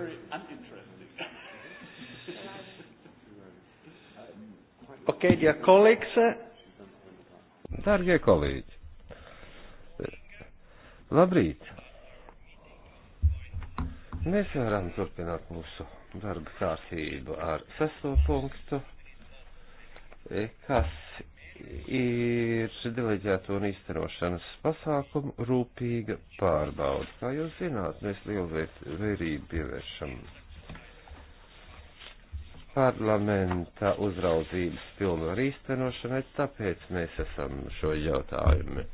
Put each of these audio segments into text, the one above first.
very uninteresting. okay, dear colleagues. Dargie kolēģi, labrīt! Mēs varam turpināt mūsu darba kārtību ar sesto punktu, kas ir deleģēto un izstarošanas pasākumu rūpīga pārbauda. Kā jūs zināt, mēs lielu vērību pievēršam parlamenta uzraudzības pilnvaru īstenošanai, tāpēc mēs esam šo jautājumu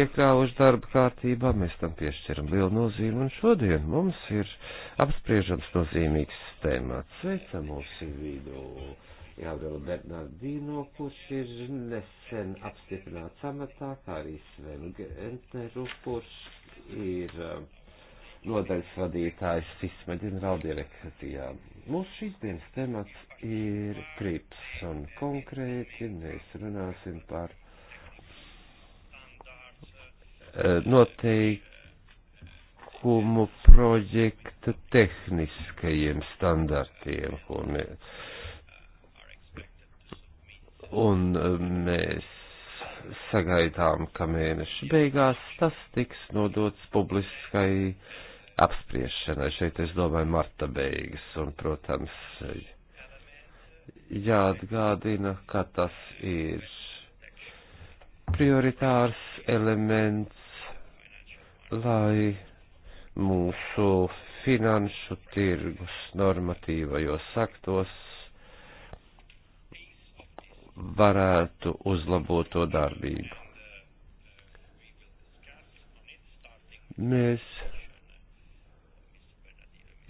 iekļāvuši darba kārtībā, mēs tam piešķiram lielu nozīmi, un šodien mums ir apspriežams nozīmīgs tēmats. Sveicam mūsu vidū! Gabriela Bernardino, kurš ir nesen apstiprināts amatā, kā arī Svenu Gentneru, kurš ir eh, nodaļas vadītājs FISMA ģenerāldirekcijā. Mūsu šīs dienas temats ir krips, un konkrēti mēs runāsim par eh, noteikumu projekta tehniskajiem standartiem, ko mēs un um, mēs sagaidām, ka mēneša beigās tas tiks nodots publiskai apspriešanai. Šeit es domāju marta beigas un, protams, jāatgādina, ka tas ir prioritārs elements, lai mūsu finanšu tirgus normatīvajos aktos varētu uzlabot to darbību. Mēs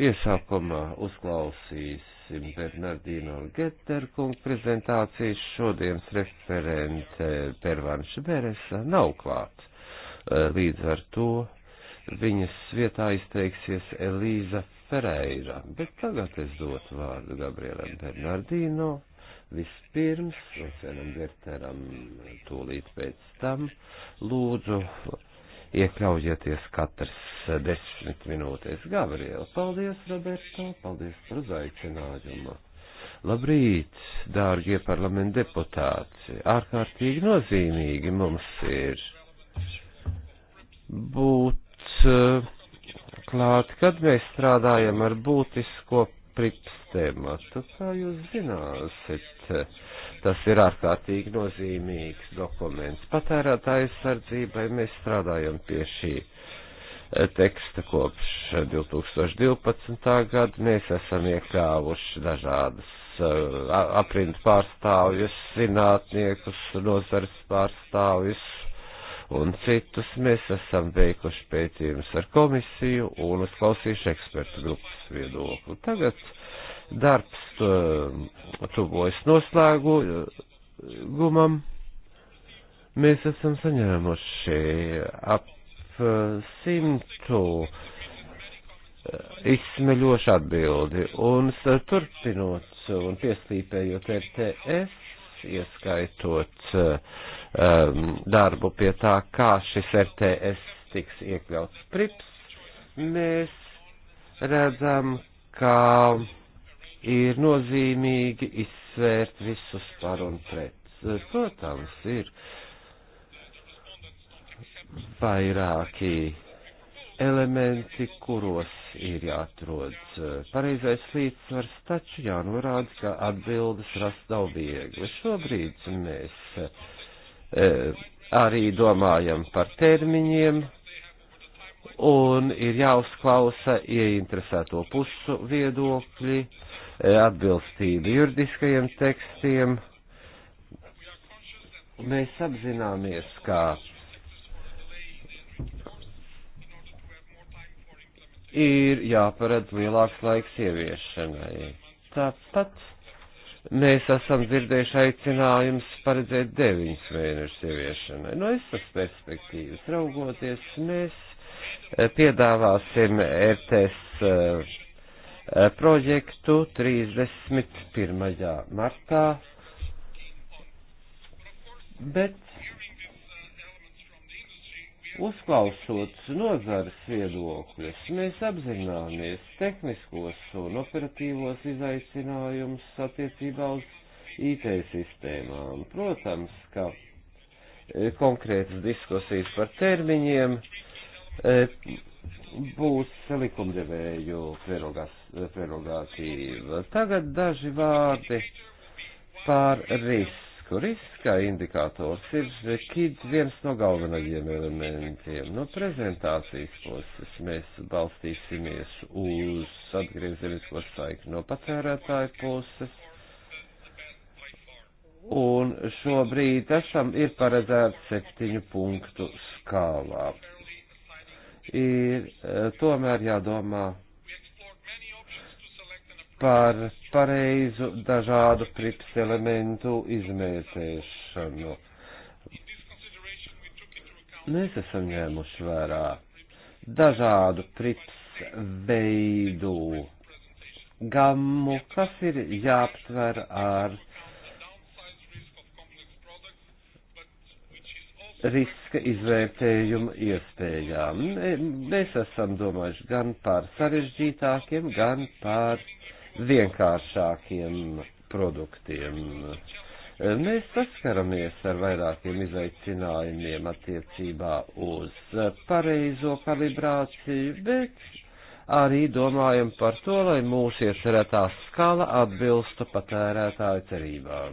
iesākumā uzklausīsim Bernardino Getterkungu prezentācijas šodienas referente Pervanša Beresa nav klāt. Eh, līdz ar to viņas vietā izteiksies Elīza Ferreira, bet tagad es dotu vārdu Gabrielam Bernardino Vispirms, Rosenam Verteram, tūlīt pēc tam, lūdzu, iekļaujieties katrs desmit minūtēs. Gabriela, paldies, Roberto, paldies par uzaicinājumu. Labrīt, dārgie parlamenta deputāti! Ārkārtīgi nozīmīgi mums ir būt eh, klāt, kad mēs strādājam ar būtisko prips tēmatu. Kā jūs zināsiet, tas ir ārkārtīgi nozīmīgs dokuments. Patērētāju sardzībai mēs strādājam pie šī eh, teksta kopš 2012. gada. Mēs esam iekļāvuši dažādas eh, aprindu pārstāvjus, zinātniekus, nozars pārstāvjus, un citus. Mēs esam veikuši pētījumus ar komisiju un uzklausījuši ekspertu grupas viedokli. Tagad darbs um, tuvojas noslēgumam. Mēs esam saņēmuši ap uh, simtu uh, izsmeļošu atbildi un turpinot un pieslīpējot RTS, ieskaitot uh, um, darbu pie tā, kā šis RTS tiks iekļauts prips, mēs redzam, ka ir nozīmīgi izsvērt visus par un pret. Protams, ir vairāki elementi, kuros ir jāatrod uh, pareizais līdzsvars, taču jānorāda, ka atbildes rast nav viegli. Šobrīd mēs uh, E, arī domājam par termiņiem un ir jāuzklausa ieinteresēto pušu viedokļi, e, atbilstība juridiskajiem tekstiem. Mēs apzināmies, ka ir jāparedz lielāks laiks ieviešanai. Tāpat mēs esam dzirdējuši aicinājums paredzēt deviņus mēnešus ieviešanai. No esas perspektīvas raugoties, mēs eh, piedāvāsim e RTS eh, projektu 31. martā, bet Uzklausot nozares viedokļus, mēs apzināmies tehniskos un operatīvos izaicinājumus attiecībā uz IT sistēmām. Protams, ka e, konkrētas diskusijas par termiņiem e, būs likumdevēju e, prerogātīva. Tagad daži vārdi par risku risku. Riska indikators ir kids viens no galvenajiem elementiem. No prezentācijas puses mēs balstīsimies uz atgriezenisko saikni no patērētāju puses. Un šobrīd esam ir paredzēts septiņu punktu skālā. Ir eh, tomēr jādomā par pareizu dažādu prips elementu izmērķēšanu. Mēs esam ņēmuši vērā dažādu prips veidu gammu, kas ir jāaptver ar riska izvērtējuma iespējām. Mēs esam domājuši gan par sarežģītākiem, gan par vienkāršākiem produktiem. Mēs saskaramies ar vairākiem izaicinājumiem attiecībā uz pareizo kalibrāciju, bet arī domājam par to, lai mūsu iecerētā skala atbilstu patērētāju cerībām.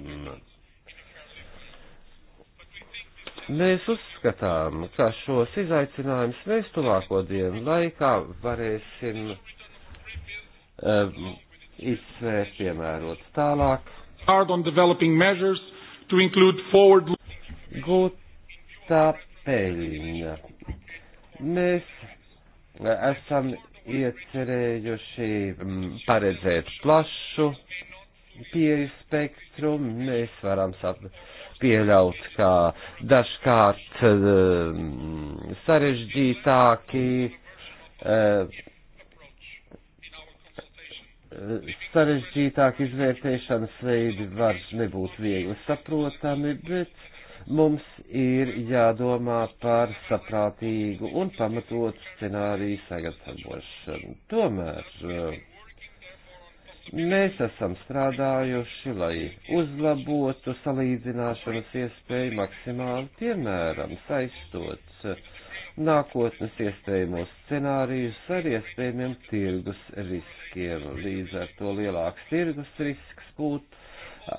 Mēs uzskatām, ka šos izaicinājumus mēs tuvāko dienu laikā varēsim um, izsvērt, piemērot tālāk. Forward... Gūtā peļņa. Mēs esam iecerējuši mm, paredzēt plašu pieeju spektru. Mēs varam sap pieļaut, ka dažkārt mm, sarežģītāki uh, sarežģītāk izvērtēšanas veidi var nebūt viegli saprotami, bet mums ir jādomā par saprātīgu un pamatotu scenāriju sagatavošanu. Tomēr eh, mēs esam strādājuši, lai uzlabotu salīdzināšanas iespēju maksimāli, piemēram, saistot eh, nākotnes iespējamos scenārijus ar iespējamiem tirgus riskiem. Līdz ar to lielāks tirgus risks būtu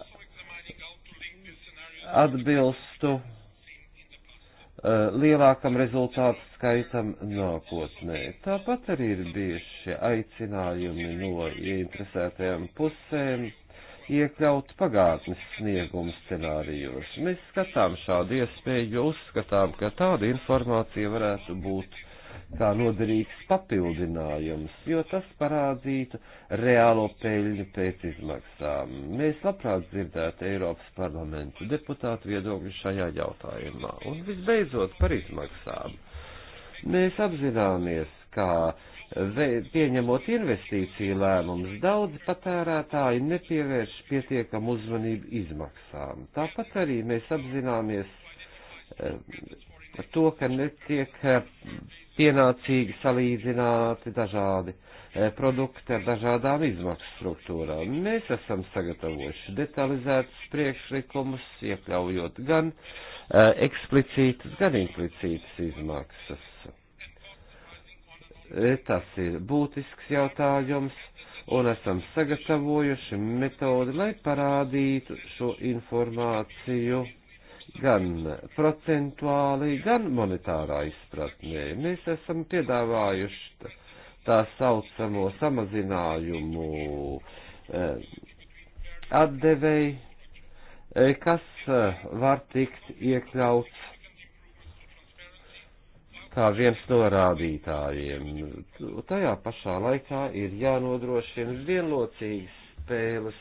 atbilstu uh, lielākam rezultātu skaitam nākotnē. Tāpat arī ir bijuši aicinājumi no interesētajām pusēm iekļaut pagātnes snieguma scenārijos. Mēs skatām šādu iespēju, jo uzskatām, ka tāda informācija varētu būt kā noderīgs papildinājums, jo tas parādītu reālo peļņu pēc izmaksām. Mēs labprāt dzirdētu Eiropas parlamentu deputātu viedokļu šajā jautājumā. Un visbeidzot par izmaksām. Mēs apzināmies, kā pieņemot investīciju lēmumus, daudz patērētāji nepievērš pietiekamu uzmanību izmaksām. Tāpat arī mēs apzināmies eh, to, ka netiek eh, pienācīgi salīdzināti dažādi eh, produkti ar dažādām izmaksu struktūrām. Mēs esam sagatavojuši detalizētus priekšlikumus, iekļaujot gan eksplicītas, gan implicītas izmaksas E, tas ir būtisks jautājums, un esam sagatavojuši metodi, lai parādītu šo informāciju gan procentuāli, gan monetārā izpratnē. Mēs esam piedāvājuši tā saucamo samazinājumu e, atdevēju, e, kas var tikt iekļauts kā viens no rādītājiem. Tajā pašā laikā ir jānodrošina vienlocīgas spēles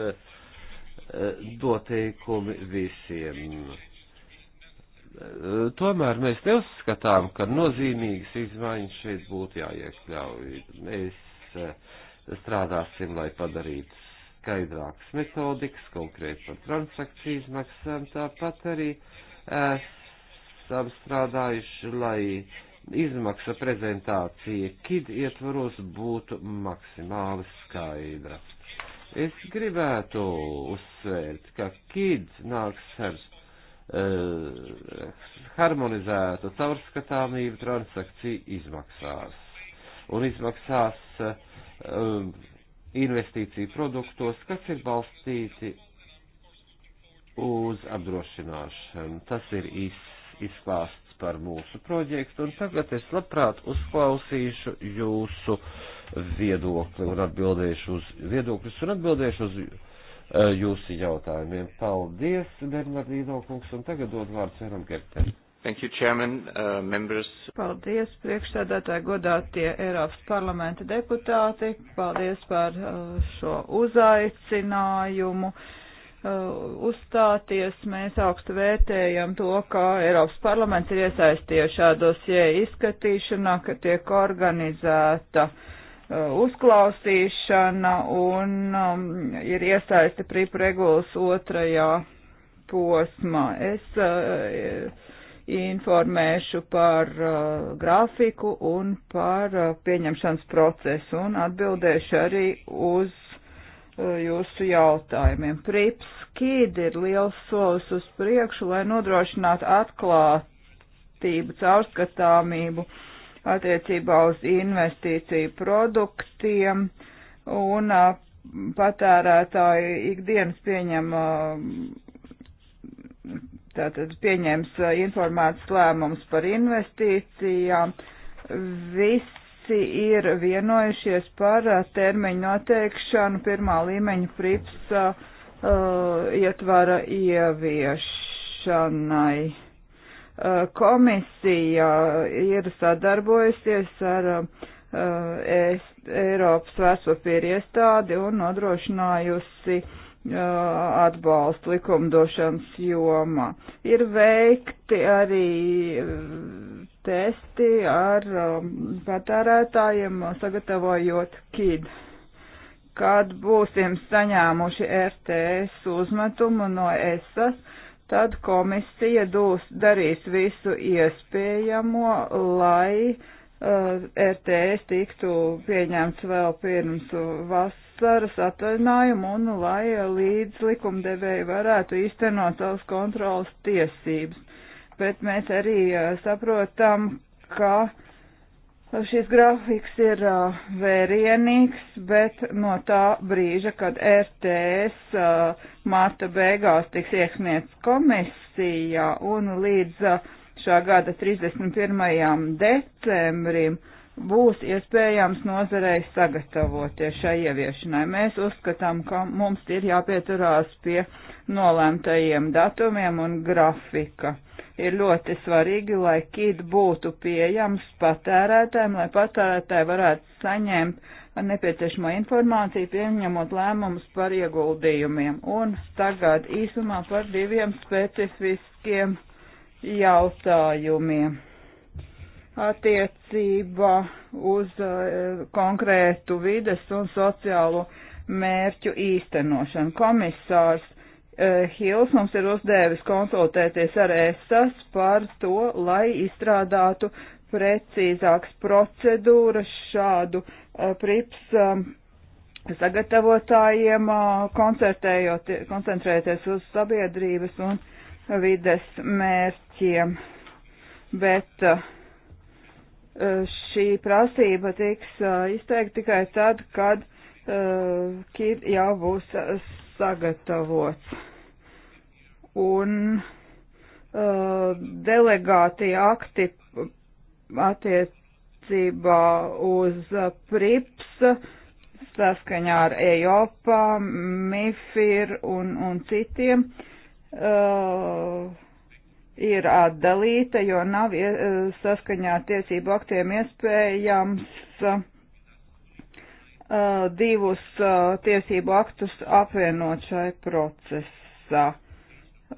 eh, noteikumi visiem. Eh, tomēr mēs neuzskatām, ka nozīmīgas izmaiņas šeit būtu jāiekļauj. Mēs eh, strādāsim, lai padarītu skaidrākas metodikas, konkrēti par transakciju izmaksām, tāpat arī es esam strādājuši, lai izmaksa prezentācija KID ietvaros būtu maksimāli skaidra. Es gribētu uzsvērt, ka KID nāks ar uh, harmonizētu caurskatāmību transakciju izmaksās. Un izmaksās uh, investīciju produktos, kas ir balstīti uz apdrošināšanu. Tas ir īsts izklāsts par mūsu projektu, un tagad es labprāt uzklausīšu jūsu viedokli un atbildēšu uz viedokļus un atbildēšu uz eh, jūsu jautājumiem. Paldies, Bernardīno kungs, un tagad dod vārdu Sēram Gertenim. Thank you, Chairman, uh, members. Paldies, priekšsēdētāji, godātie Eiropas parlamenta deputāti. Paldies par uh, šo uzaicinājumu. Uh, Uh, uzstāties. Mēs augstu vērtējam to, ka Eiropas parlaments ir iesaistījies šādos izskatīšanā, ka tiek organizēta uh, uzklausīšana un um, ir iesaista prīpa regulas otrajā posmā. Es uh, informēšu par uh, grafiku un par uh, pieņemšanas procesu un atbildēšu arī uz Uh, jūsu jautājumiem. Prips Kīd ir liels solis uz priekšu, lai nodrošinātu atklātību, caurskatāmību attiecībā uz investīciju produktiem un uh, patērētāji ikdienas pieņem uh, tātad pieņems informētas lēmums par investīcijām. Viss visi ir vienojušies par uh, termiņu noteikšanu pirmā līmeņa prips uh, uh, ietvara ieviešanai. Uh, komisija ir sadarbojusies ar uh, uh, es, Eiropas vērtspapīra iestādi un nodrošinājusi uh, atbalstu likumdošanas jomā. Ir veikti arī testi ar um, patērētājiem, sagatavojot KID. Kad būsim saņēmuši RTS uzmetumu no ESAS, tad komisija dūs, darīs visu iespējamo, lai uh, RTS tiktu pieņemts vēl pirms vasaras atvaļinājumu un lai līdz likumdevēji varētu īstenot savas kontrolas tiesības bet mēs arī saprotam, ka šis grafiks ir vērienīgs, bet no tā brīža, kad RTS marta beigās tiks iesniegts komisijā un līdz šā gada 31. decembrim, būs iespējams nozarei sagatavoties šai ieviešanai. Mēs uzskatām, ka mums ir jāpieturās pie nolēmtajiem datumiem un grafika. Ir ļoti svarīgi, lai kit būtu pieejams patērētājiem, lai patērētāji varētu saņemt nepieciešamo informāciju, pieņemot lēmumus par ieguldījumiem. Un tagad īsumā par diviem specifiskiem jautājumiem attiecībā uz e, konkrētu vides un sociālo mērķu īstenošanu. Komisārs e, Hils mums ir uzdevis konsultēties ar ESAS par to, lai izstrādātu precīzāks procedūras šādu e, prips sagatavotājiem, koncentrējoties uz sabiedrības un vides mērķiem. Bet uh, Eh, šī prasība tiks eh, izteikta tikai tad, kad eh, kit jau būs sagatavots. Un delegāti akti attiecībā uz PRIPS saskaņā ar EIOPA, MIFIR un, un citiem. Uh, ir atdalīta, jo nav e, saskaņā ar tiesību aktiem iespējams uh, divus uh, tiesību aktus apvienot šai procesā.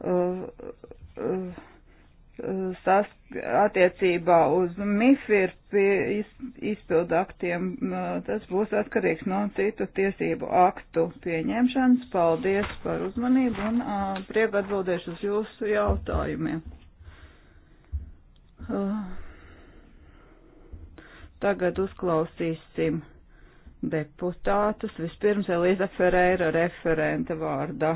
Uh, uh, sas, attiecībā uz MIFIR izpildaktiem, tas būs atkarīgs no citu tiesību aktu pieņemšanas. Paldies par uzmanību un prieku atbildēšu uz jūsu jautājumiem. Tagad uzklausīsim deputātus. Vispirms Elīza Ferēra referenta vārdā.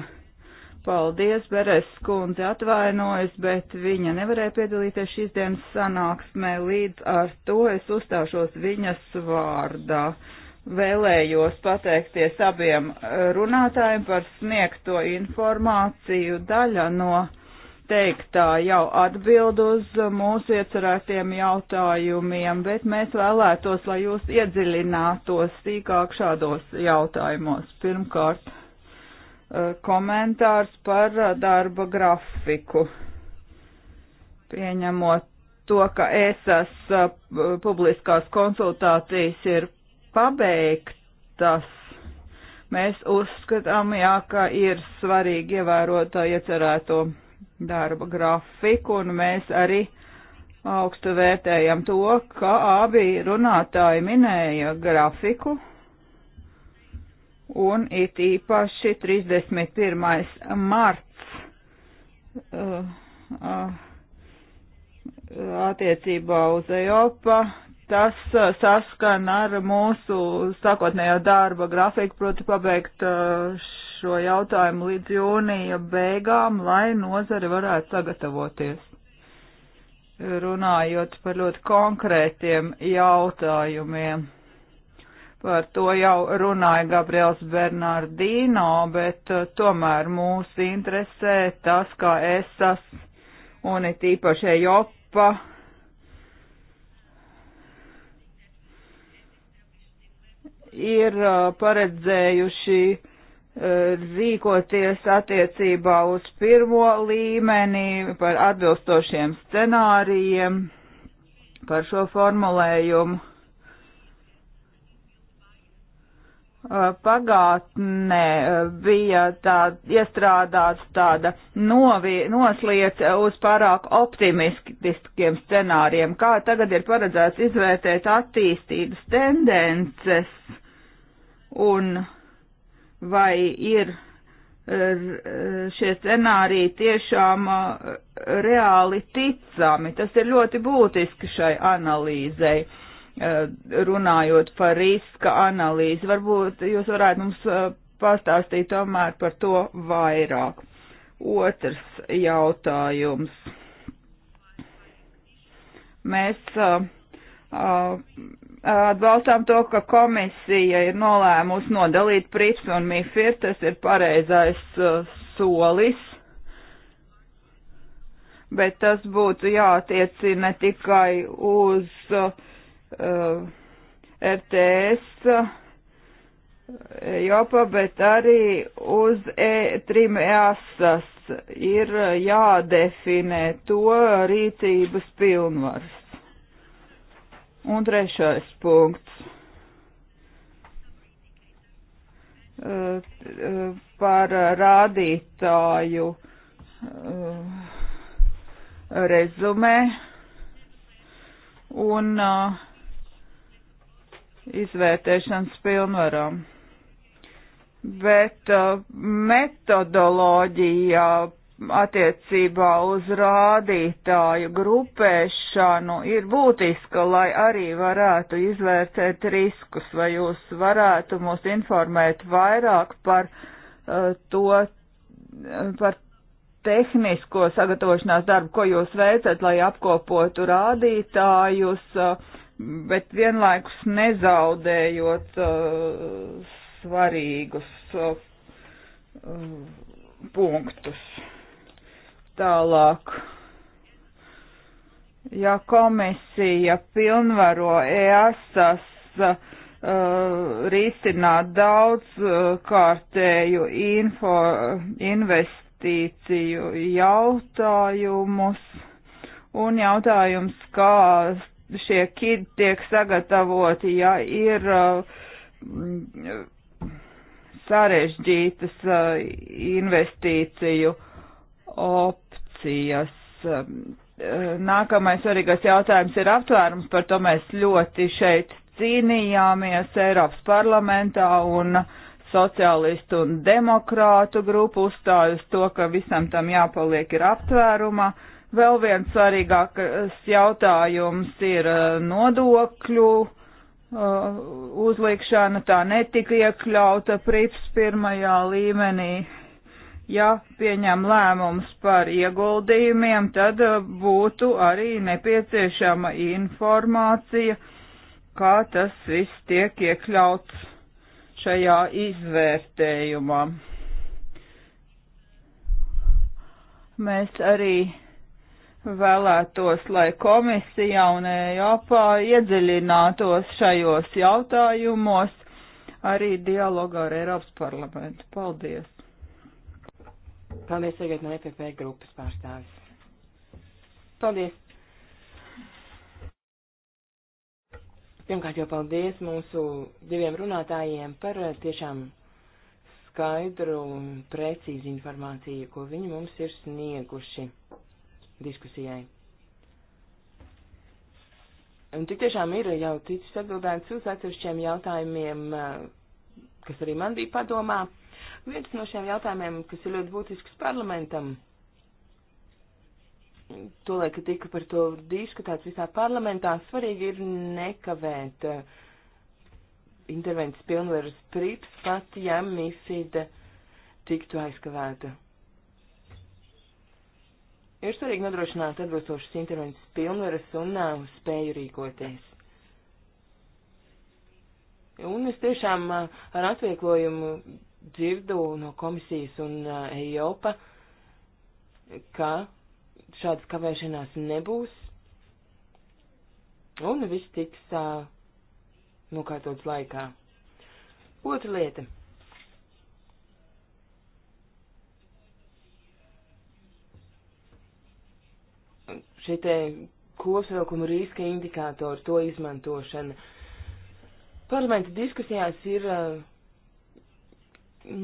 Paldies, Beres kundze atvainojas, bet viņa nevarēja piedalīties šīs dienas sanāksmē, līdz ar to es uzstāšos viņas vārdā. Vēlējos pateikties abiem runātājiem par sniegto informāciju. Daļa no teiktā jau atbild uz mūsu iecerētiem jautājumiem, bet mēs vēlētos, lai jūs iedziļinātos sīkāk šādos jautājumos. Pirmkārt Eh, komentārs par eh, darba grafiku. Pieņemot to, ka ESAS eh, publiskās konsultācijas ir pabeigtas, mēs uzskatām, jā, ka ir svarīgi ievērot iecerēto darba grafiku, un mēs arī augstu vērtējam to, ka abi runātāji minēja grafiku un it īpaši 31. marts uh, uh, attiecībā uz Eiropa. Tas uh, saskan ar mūsu sākotnējo darba grafiku, proti pabeigt uh, šo jautājumu līdz jūnija beigām, lai nozare varētu sagatavoties. Runājot par ļoti konkrētiem jautājumiem Par to jau runāja Gabriels Bernardino, bet uh, tomēr mūs interesē tas, kā ESAS un it īpaši EJOPA ir uh, paredzējuši uh, rīkoties attiecībā uz pirmo līmeni par atbilstošiem scenārijiem, par šo formulējumu. Eh, pagātnē eh, bija tā, iestrādāts tāda novi, nosliec eh, uz pārāk optimistiskiem scenāriem, kā tagad ir paredzēts izvērtēt attīstības tendences un vai ir šie scenāriji tiešām reāli ticami. Tas ir ļoti būtiski šai analīzei. Uh, Eh, runājot par riska analīzi. Varbūt jūs varētu mums eh, pastāstīt tomēr par to vairāk. Otrs jautājums. Mēs uh, atbalstām to, ka komisija ir nolēmusi nodalīt prips un mifir, tas ir pareizais uh, solis, bet tas būtu jātiecina tikai uz uh, uh, RTS uh, Jopa, bet arī uz e, trim jāsas e ir uh, jādefinē to rīcības pilnvars. Un trešais punkts. Uh, par rādītāju rezumē un uh, izvērtēšanas pilnvarām. Bet uh, metodoloģija attiecībā uz rādītāju grupēšanu ir būtiska, lai arī varētu izvērtēt riskus, vai jūs varētu mūs informēt vairāk par uh, to, uh, par tehnisko sagatavošanās darbu, ko jūs veicat, lai apkopotu rādītājus. Uh, bet vienlaikus nezaudējot uh, svarīgus uh, punktus. Tālāk. Ja komisija pilnvaro EASAS uh, risināt daudz uh, kārtēju info, investīciju jautājumus un jautājums, kā šie kidi tiek sagatavoti, ja ir uh, sarežģītas uh, investīciju opcijas. Um, uh, nākamais svarīgais jautājums ir aptvērums, par to mēs ļoti šeit cīnījāmies Eiropas parlamentā un sociālistu un demokrātu grupu uzstāju uz to, ka visam tam jāpaliek ir aptvērumā. Uh, Vēl viens svarīgāks jautājums ir eh, nodokļu eh, uzlikšana. Tā netika iekļauta prips pirmajā līmenī. Ja pieņem lēmums par ieguldījumiem, tad eh, būtu arī nepieciešama informācija, kā tas viss tiek iekļauts šajā izvērtējumā. Mēs arī vēlētos, lai komisija un Eiropā iedziļinātos šajos jautājumos arī dialogā ar Eiropas parlamentu. Paldies! Paldies tagad no EPP grupas pārstāvis. Paldies! Pirmkārt jau paldies mūsu diviem runātājiem par eh, tiešām skaidru un precīzu informāciju, ko viņi mums ir snieguši diskusijai. Un tik tiešām ir jau ticis atbildēts uz atsevišķiem jautājumiem, eh, kas arī man bija padomā. Viens no šiem jautājumiem, kas ir ļoti būtisks parlamentam, tolēk, ka tika par to diskutēts visā parlamentā, svarīgi ir nekavēt eh, intervences pilnvaras prips, pat ja MIFID tiktu aizkavēta. Ir svarīgi nodrošināt atbilstošas intervences pilnvaras un nav spēju rīkoties. Un es tiešām ar atvieglojumu dzirdu no komisijas un EIOPA, ka šādas kavēšanās nebūs un viss tiks nokārtots laikā. Otra lieta. šie te kopsavilkuma riska indikātori, to izmantošana. Parlamenta diskusijās ir uh,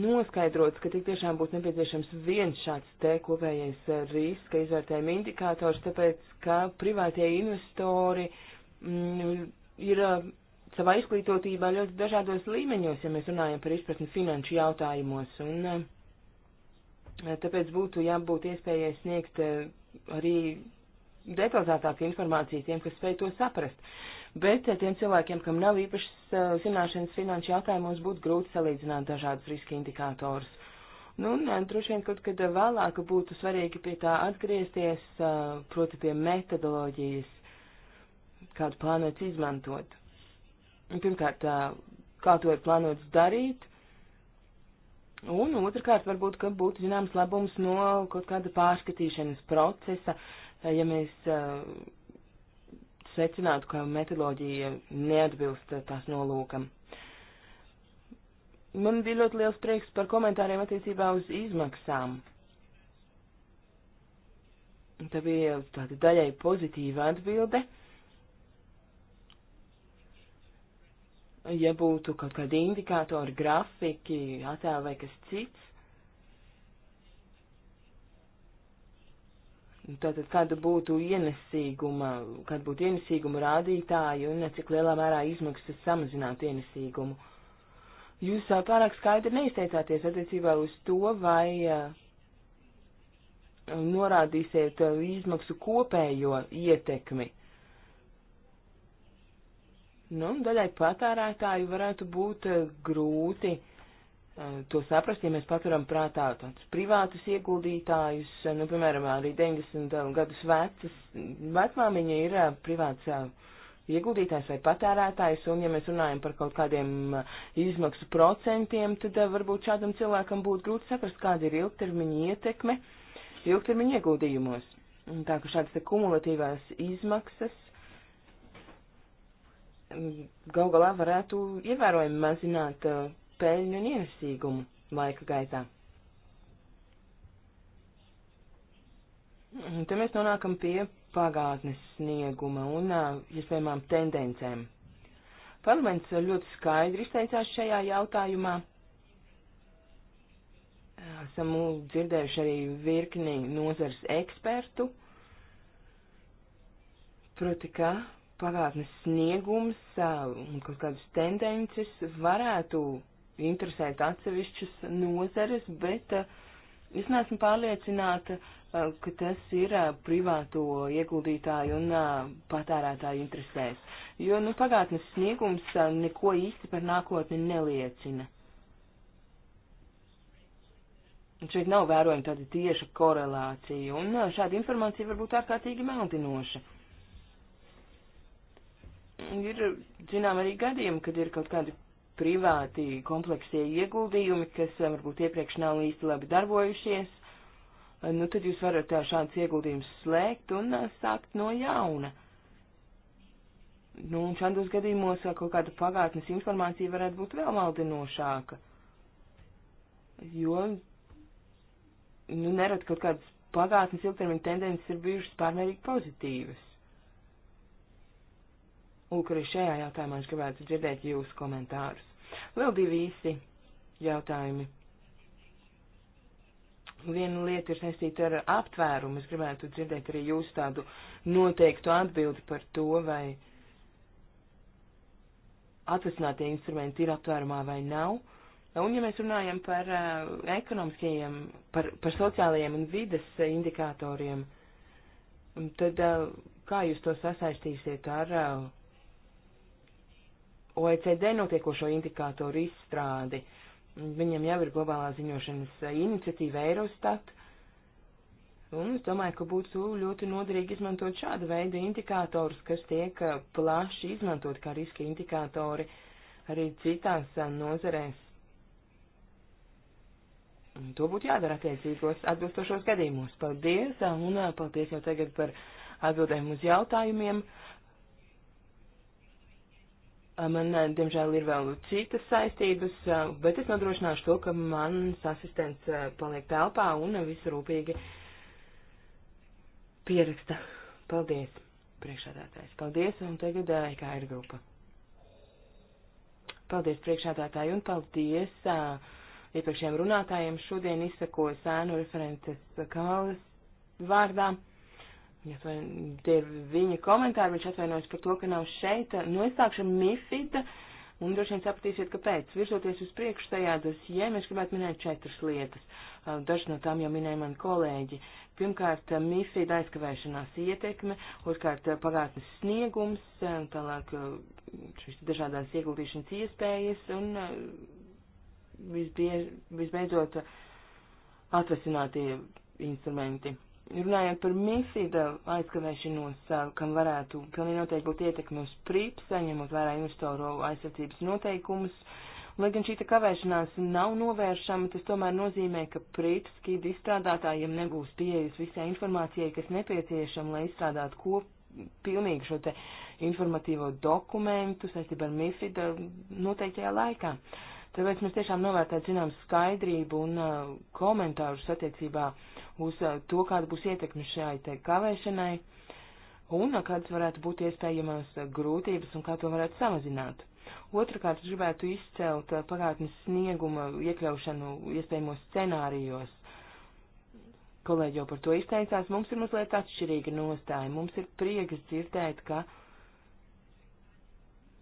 noskaidrots, ka tik tiešām būs nepieciešams viens šāds te kopējais eh, riska izvērtējuma indikators, tāpēc, ka privātie investori mm, ir eh, savā izglītotībā ļoti dažādos līmeņos, ja mēs runājam par izpratni finanšu jautājumos, un tāpēc būtu jābūt iespējai sniegt arī detalizētāka informācija tiem, kas spēj to saprast. Bet eh, tiem cilvēkiem, kam nav īpašas uh, zināšanas finanšu jautājumos, būtu grūti salīdzināt dažādus riska indikātorus. Nu, un, eh, droši vien kaut kad vēlāk būtu svarīgi pie tā atgriezties, uh, proti pie metodoloģijas, kādu plānots izmantot. Pirmkārt, uh, kā to ir plānots darīt, Un otrkārt, varbūt, ka būtu zināms labums no kaut kāda pārskatīšanas procesa, ja mēs secinātu, ka metodoloģija neatbilst tās nolūkam. Man bija ļoti liels prieks par komentāriem attiecībā uz izmaksām. Tā bija tāda daļai pozitīva atbilde. Ja būtu kaut kādi indikātori, grafiki, attēli vai kas cits, Tātad, kāda būtu ienesīguma, kāda būtu ienesīguma rādītāji un cik lielā mērā izmaksas samazinātu ienesīgumu. Jūs pārāk skaidri neizteicāties attiecībā uz to, vai eh, norādīsiet eh, izmaksu kopējo ietekmi. Nu, daļai patērētāju varētu būt eh, grūti uh, Eh, to saprast, ja mēs paturam prātā tādus privātus ieguldītājus, eh, nu, piemēram, arī 90 eh, gadus vecas, vecmāmiņa ir privāts ieguldītājs vai patērētājs, un ja mēs runājam par kaut kādiem izmaksu procentiem, tad varbūt šādam cilvēkam būtu grūti saprast, kāda ir ilgtermiņa ietekme ilgtermiņa ieguldījumos. Tā ka šādas te kumulatīvās izmaksas mm, gal galā varētu ievērojami mazināt uh, peļņu un ienesīgumu laika gaitā. Un te mēs nonākam pie pagātnes snieguma un iespējamām tendencēm. Parlaments ļoti skaidri izteicās šajā jautājumā. Esam dzirdējuši arī virkni nozars ekspertu, proti, ka pagātnes sniegums un kaut kādas tendences varētu interesēt atsevišķas nozares, bet eh, es neesmu pārliecināta, eh, ka tas ir eh, privāto ieguldītāju un patērētāju interesēs. Jo nu, pagātnes sniegums neko īsti par nākotni neliecina. Un šeit nav vērojama tāda tieša korelācija, un šāda informācija var būt ārkārtīgi meldinoša. Ir, zinām, arī gadījumi, kad ir kaut kādi privāti kompleksie ieguldījumi, kas eh, varbūt iepriekš nav īsti labi darbojušies, eh, nu tad jūs varat eh, šāds ieguldījums slēgt un sākt no jauna. Nu, un šādos gadījumos kaut kāda pagātnes informācija varētu būt vēl maldinošāka. Jo, nu, nerad kaut kādas pagātnes ilgtermiņa tendences ir bijušas pārmērīgi pozitīvas. Lūk, arī šajā jautājumā es gribētu dzirdēt jūsu komentārus. Vēl divi īsi jautājumi. Viena lieta ir saistīta ar aptvērumu. Es gribētu dzirdēt arī jūsu tādu noteiktu atbildi par to, vai atvesinātie instrumenti ir aptvērumā vai nav. Un ja mēs runājam par uh, ekonomiskajiem, par, par sociālajiem un vides indikatoriem, tad uh, kā jūs to sasaistīsiet ar uh, OECD notiekošo indikātoru izstrādi. Viņam jau ir globālā ziņošanas iniciatīva Eurostat, un es domāju, ka būtu ļoti noderīgi izmantot šādu veidu indikātorus, kas tiek uh, plaši izmantot kā riska indikātori arī citās uh, nozarēs. To būtu jādara attiecīgos atbilstošos gadījumos. Paldies, uh, un paldies jau tagad par atbildēm uz jautājumiem. Eh, man, eh, diemžēl, ir vēl citas saistības, eh, bet es nodrošināšu to, ka mans asistents paliek telpā un visu rūpīgi pieraksta. Paldies, priekšādātājs. Paldies, un tagad kā ir grupa. Paldies, priekšādātāji, un paldies iepriekšējiem runātājiem. Šodien izsako sēnu referentes kalas vārdā viņa komentāru, viņš atvainojas par to, ka nav šeit. Nu, es sākšu mifita, un droši vien sapratīsiet, kāpēc. Virzoties uz priekšu tajā dosijē, mēs gribētu minēt četras lietas. Uh, dažas no tām jau minēja mani kolēģi. Pirmkārt, uh, mifida aizkavēšanās ietekme, otrkārt, uh, pagātnes sniegums, tālāk šīs dažādās ieguldīšanas iespējas un visbie, visbeidzot atvesinātie instrumenti. Runājot par MIFID aizkavēšanos, kam varētu pilnīgi noteikti būt ietekme uz PRIPS, saņemot vērā investoru aizsardzības noteikumus, lai gan šī kavēšanās nav novēršama, tas tomēr nozīmē, ka PRIPS kīda izstrādātājiem nebūs pieejas visai informācijai, kas nepieciešama, lai izstrādātu kop, pilnīgi šo te informatīvo dokumentu saistībā ar MIFID noteiktajā laikā. Tāpēc mēs tiešām novērtētu zinām skaidrību un uh, komentārus attiecībā uh, uz to, kāda būs ietekme šai te kavēšanai un kādas varētu būt iespējamās grūtības un kā to varētu samazināt. Otrakārt, gribētu izcelt pagātnes snieguma iekļaušanu iespējamos scenārijos. Kolēģi jau par to izteicās, mums ir mazliet atšķirīga nostāja. Mums ir prieks dzirdēt, ka uh,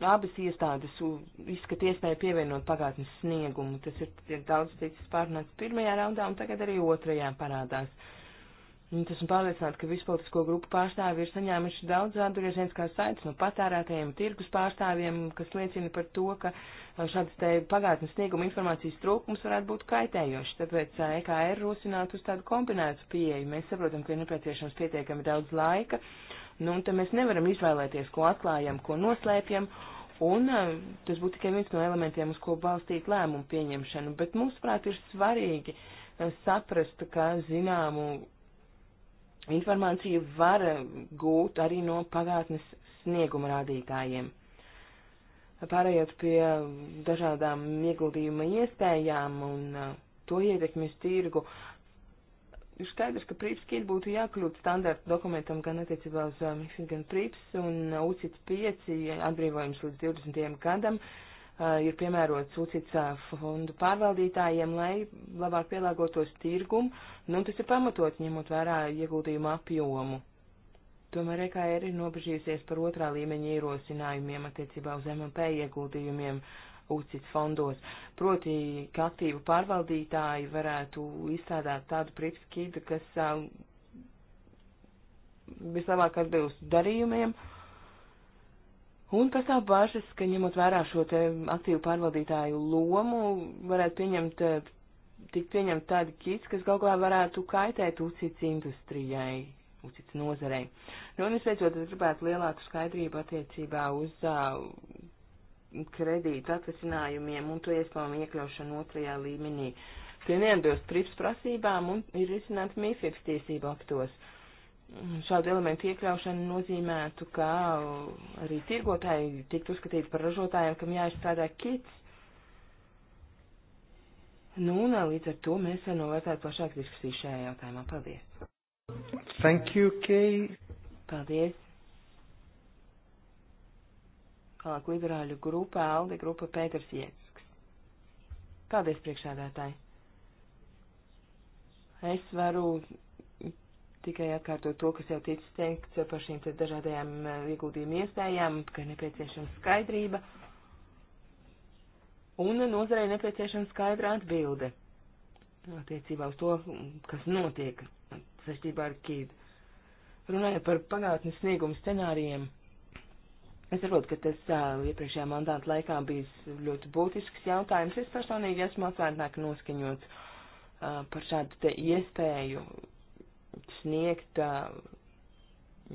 abas iestādes izskata iespēju pievienot pagātnes sniegumu. Tas ir, ir daudz ticis pārnāts pirmajā raundā un tagad arī otrajā parādās. Tas esmu pārliecināta, ka vispolitisko grupu pārstāvi ir saņēmuši daudz atgriezieniskās saites no patērētājiem, tirgus pārstāvjiem, kas liecina par to, ka uh, šādas te pagātnes snieguma informācijas trūkums varētu būt kaitējošs. Tāpēc uh, EKR rosinātu uz tādu kombinētu pieeju. Mēs saprotam, ka ir nepieciešams pietiekami daudz laika, nu, un te mēs nevaram izvēlēties, ko atklājam, ko noslēpjam, Un eh, tas būtu tikai viens no elementiem, uz ko balstīt lēmumu pieņemšanu. Bet mums, prāt, ir svarīgi eh, saprast, ka zināmu informāciju var eh, gūt arī no pagātnes snieguma rādītājiem. Pārējot pie dažādām ieguldījuma iespējām un to ietekmi uz tirgu, Ir skaidrs, ka prīps kīt būtu jākļūt standarta dokumentam gan attiecībā uz uh, MIFID, gan prīps un uh, UCIT 5 atbrīvojums līdz 20. gadam uh, ir piemērots UCIT fondu pārvaldītājiem, lai labāk pielāgotos tirgumu, nu tas ir pamatot ņemot vērā ieguldījumu apjomu. Tomēr EKR ir nobežījusies par otrā līmeņa ierosinājumiem attiecībā uz MMP ieguldījumiem UCIT fondos. Proti, ka aktīvu pārvaldītāji varētu izstrādāt tādu pripskīdu, kas um, vislabāk atbilst darījumiem. Un pastāv bažas, ka ņemot vērā šo te aktīvu pārvaldītāju lomu, varētu pieņemt, tik pieņemt tādi kits, kas galu galā varētu kaitēt UCITS industrijai, UCITS nozarei. Nu, un visbeidzot, es gribētu lielāku skaidrību attiecībā uz uh, kredītu atvesinājumiem un to iespējamu iekļaušanu otrajā līmenī. Tie neatbilst prips prasībām un ir risināts MIFIX tiesību aktos. Šādu elementu iekļaušana nozīmētu, ka arī tirgotāji tiktu uzskatīti par ražotājiem, kam jāizstrādā kits. Nu, un līdz ar to mēs novērtētu plašāk diskusiju šajā jautājumā. Paldies! Thank you, Kay. Paldies, Kalāk liberāļu grupa, Aldi grupa Pēters Jēcks. Paldies, priekšādātāji. Es varu tikai atkārtot to, kas jau ticis teikts par šīm te dažādajām eh, ieguldījumu iespējām, ka nepieciešama skaidrība un nozarei nepieciešama skaidra atbilde attiecībā uz to, kas notiek saistībā ar kīdu. Runājot par pagātnes sniegumu scenārijiem, Es saprotu, ka tas uh, iepriekšējā mandāta laikā bija ļoti būtisks jautājums. Es personīgi esmu atvērtāk noskaņots uh, par šādu te iespēju sniegt uh,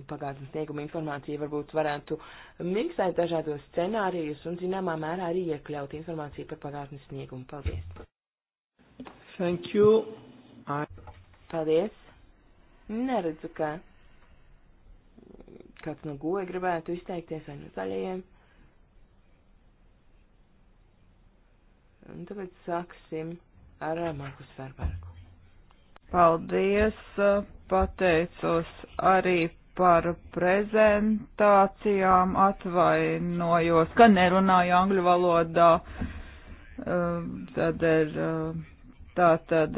pagātnes snieguma informāciju, varbūt varētu miksēt dažādos scenārijus un zināmā mērā arī iekļaut informāciju par pagātnes sniegumu. Paldies! Thank you! I... Paldies! Neredzu, ka kāds no goja gribētu izteikties vai no zaļajiem. Un tagad sāksim ar uh, Markus Ferbergu. Paldies, uh, pateicos arī par prezentācijām, atvainojos, ka nerunāju angļu valodā. Um, tad ir uh, tā tad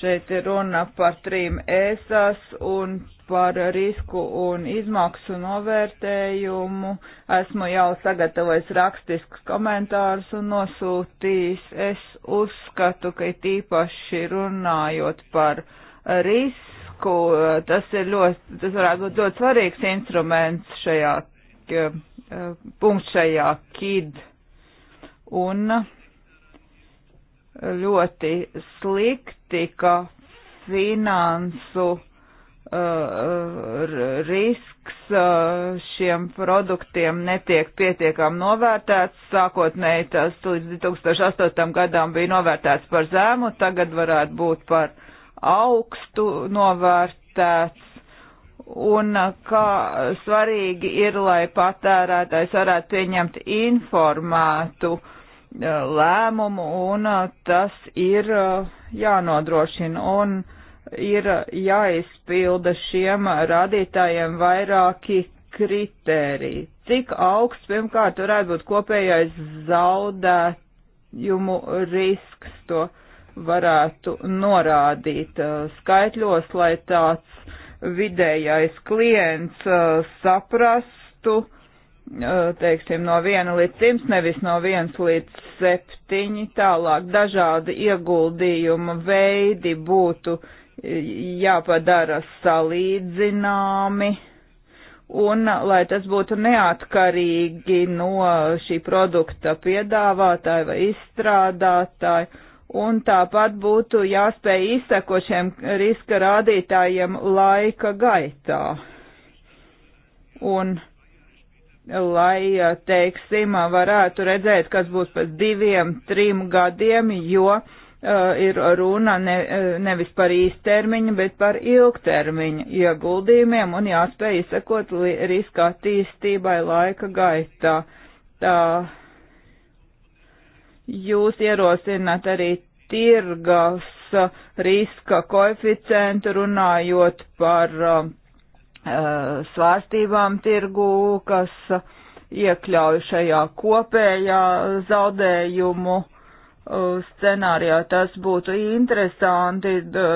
šeit ir runa par trim esas un par risku un izmaksu novērtējumu. Esmu jau sagatavojis rakstiskus komentārus un nosūtījis. Es uzskatu, ka tīpaši runājot par risku, tas ir ļoti, tas varētu būt ļoti svarīgs instruments šajā, eh, punkts šajā kid. Un ļoti slikti, ka finansu Uh, risks uh, šiem produktiem netiek pietiekam novērtēts. Sākotnēji tas līdz 2008. gadam bija novērtēts par zēmu, tagad varētu būt par augstu novērtēts. Un uh, kā svarīgi ir, lai patērētājs varētu pieņemt informētu lēmumu, un tas ir jānodrošina. Un, uh, ir uh, jāizpilda šiem uh, rādītājiem vairāki kritēriji. Cik augsts, pirmkārt, varētu būt kopējais zaudējumu risks, to varētu norādīt uh, skaitļos, lai tāds vidējais klients saprastu, teiksim, no 1 līdz 100, nevis no 1 līdz 7, tālāk dažādi ieguldījuma veidi būtu jāpadara salīdzināmi un lai tas būtu neatkarīgi no šī produkta piedāvātāja vai izstrādātāja. Un tāpat būtu jāspēj izseko šiem riska rādītājiem laika gaitā. Un lai, teiksim, varētu redzēt, kas būs pēc diviem, trim gadiem, jo uh, Eh, ir runa ne, eh, nevis par īstermiņu, bet par ilgtermiņu ieguldījumiem un jāspēj izsekot riska attīstībai laika gaitā. Tā jūs ierosināt arī tirgas riska koeficientu runājot par uh, svārstībām tirgū, kas iekļauj šajā kopējā zaudējumu uh, Uh, scenārijā tas būtu interesanti,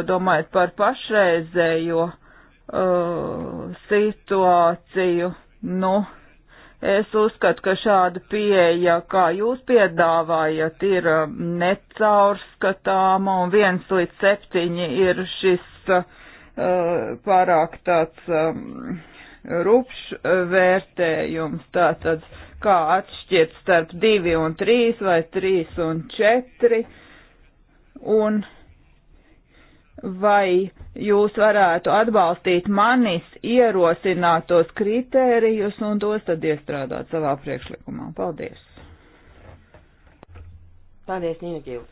domājot par pašreizējo uh, situāciju. Nu, es uzskatu, ka šāda pieeja, kā jūs piedāvājat, ir uh, necaurskatāma un viens līdz septiņi ir šis uh, pārāk tāds um, rupšs vērtējums. Tātad, uh, kā atšķirt starp 2 un 3 vai 3 un 4 un vai jūs varētu atbalstīt manis ierosinātos kritērijus un tos tad iestrādāt savā priekšlikumā. Paldies! Paldies, Nina Gīva!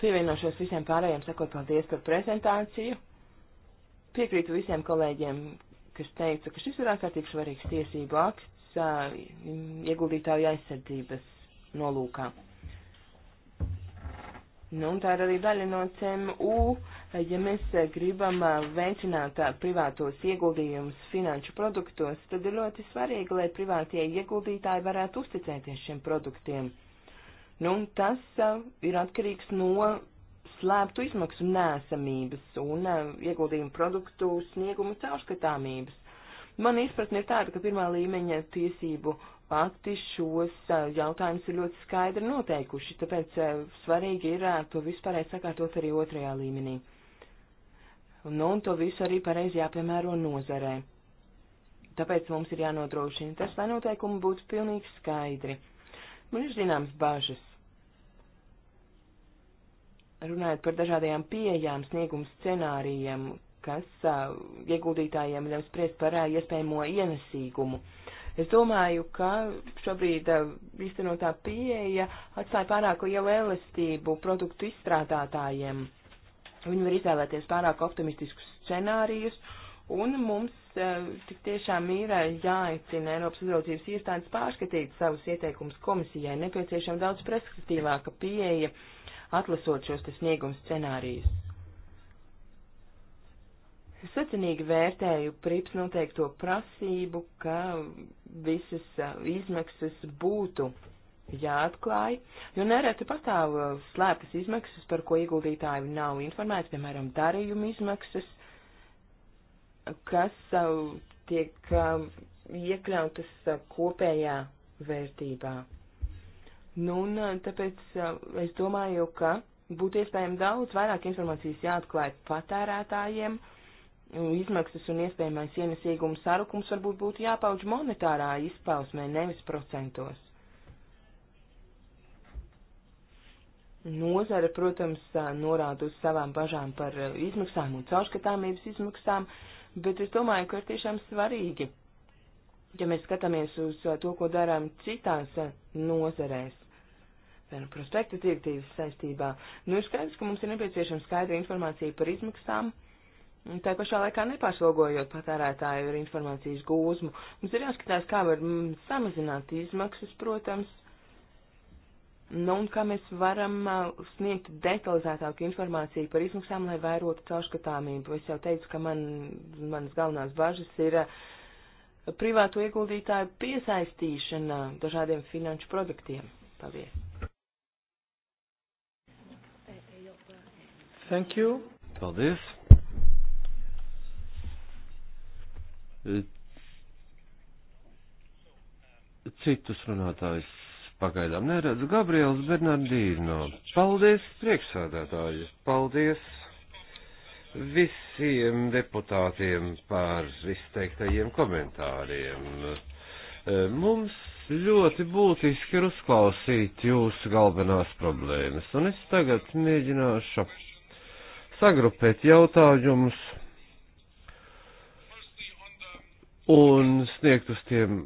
Pievienošos visiem pārējiem, sakot paldies par prezentāciju. Piekrītu visiem kolēģiem, kas teica, ka šis ir ārkārtīgi svarīgs tiesību akts ieguldītāju aizsardzības nolūkā. Nu, un tā ir arī daļa no CMU, ja mēs gribam veicināt privātos ieguldījumus finanšu produktos, tad ir ļoti svarīgi, lai privātie ieguldītāji varētu uzticēties šiem produktiem. Nu, tas ir atkarīgs no slēptu izmaksu nēsamības un eh, ieguldījumu produktu sniegumu caurskatāmības. Man izpratne ir tāda, ka pirmā līmeņa tiesību akti šos eh, jautājumus ir ļoti skaidri noteikuši, tāpēc eh, svarīgi ir to visu pareizi sakārtot arī otrajā līmenī. Nu, un to visu arī pareizi jāpiemēro nozarē. Tāpēc mums ir jānodrošina tas, lai noteikumi būtu pilnīgi skaidri. Man ir zināms bažas runājot par dažādajām pieejām snieguma scenārijiem, kas uh, ieguldītājiem ļaus spriest par uh, iespējamo ienesīgumu. Es domāju, ka šobrīd uh, īstenotā pieeja atstāja pārāk lielu elastību produktu izstrādātājiem. Viņi var izvēlēties pārāk optimistiskus scenārijus, un mums tik tiešām ir jāicina Eiropas uzraudzības iestādes pārskatīt savus ieteikumus komisijai. Nepieciešama daudz preskatīvāka pieeja uh, atlasot šos te snieguma scenārijus. Sacenīgi vērtēju prips noteikto prasību, ka visas izmaksas būtu jāatklāj, jo nereti pastāv slēptas izmaksas, par ko ieguldītāji nav informēti, piemēram, darījuma izmaksas, kas tiek iekļautas kopējā vērtībā. Nu, un eh, tāpēc eh, es domāju, ka būtu iespējami daudz vairāk informācijas jāatklāj patērētājiem. Izmaksas un iespējamais ienesīguma sarukums varbūt būtu jāpauž monetārā izpausmē, nevis procentos. Nozara, protams, eh, norāda uz savām bažām par izmaksām un caurskatāmības izmaksām, bet es domāju, ka ir tiešām svarīgi Ja mēs skatāmies uz uh, to, ko darām citās uh, nozarēs, piemēram, prospekta direktīvas saistībā, nu ir skaidrs, ka mums ir nepieciešama skaidra informācija par izmaksām, tā pašā laikā nepārslogojot patērētāju ar informācijas gūzmu. Mums ir jāskatās, kā var mm, samazināt izmaksas, protams, nu un kā mēs varam uh, sniegt detalizētāku informāciju par izmaksām, lai vērotu caurskatāmību. Es jau teicu, ka man, manas galvenās bažas ir. Uh, privātu ieguldītāju piesaistīšana dažādiem finanšu produktiem. Paldies! Thank you. Paldies. Citus runātājus pagaidām neredzu. Gabriels Bernardīno. Paldies, priekšsādātāji. Paldies visiem deputātiem par izteiktajiem komentāriem. E, mums ļoti būtiski ir uzklausīt jūsu galvenās problēmas, un es tagad mēģināšu sagrupēt jautājumus un sniegt uz tiem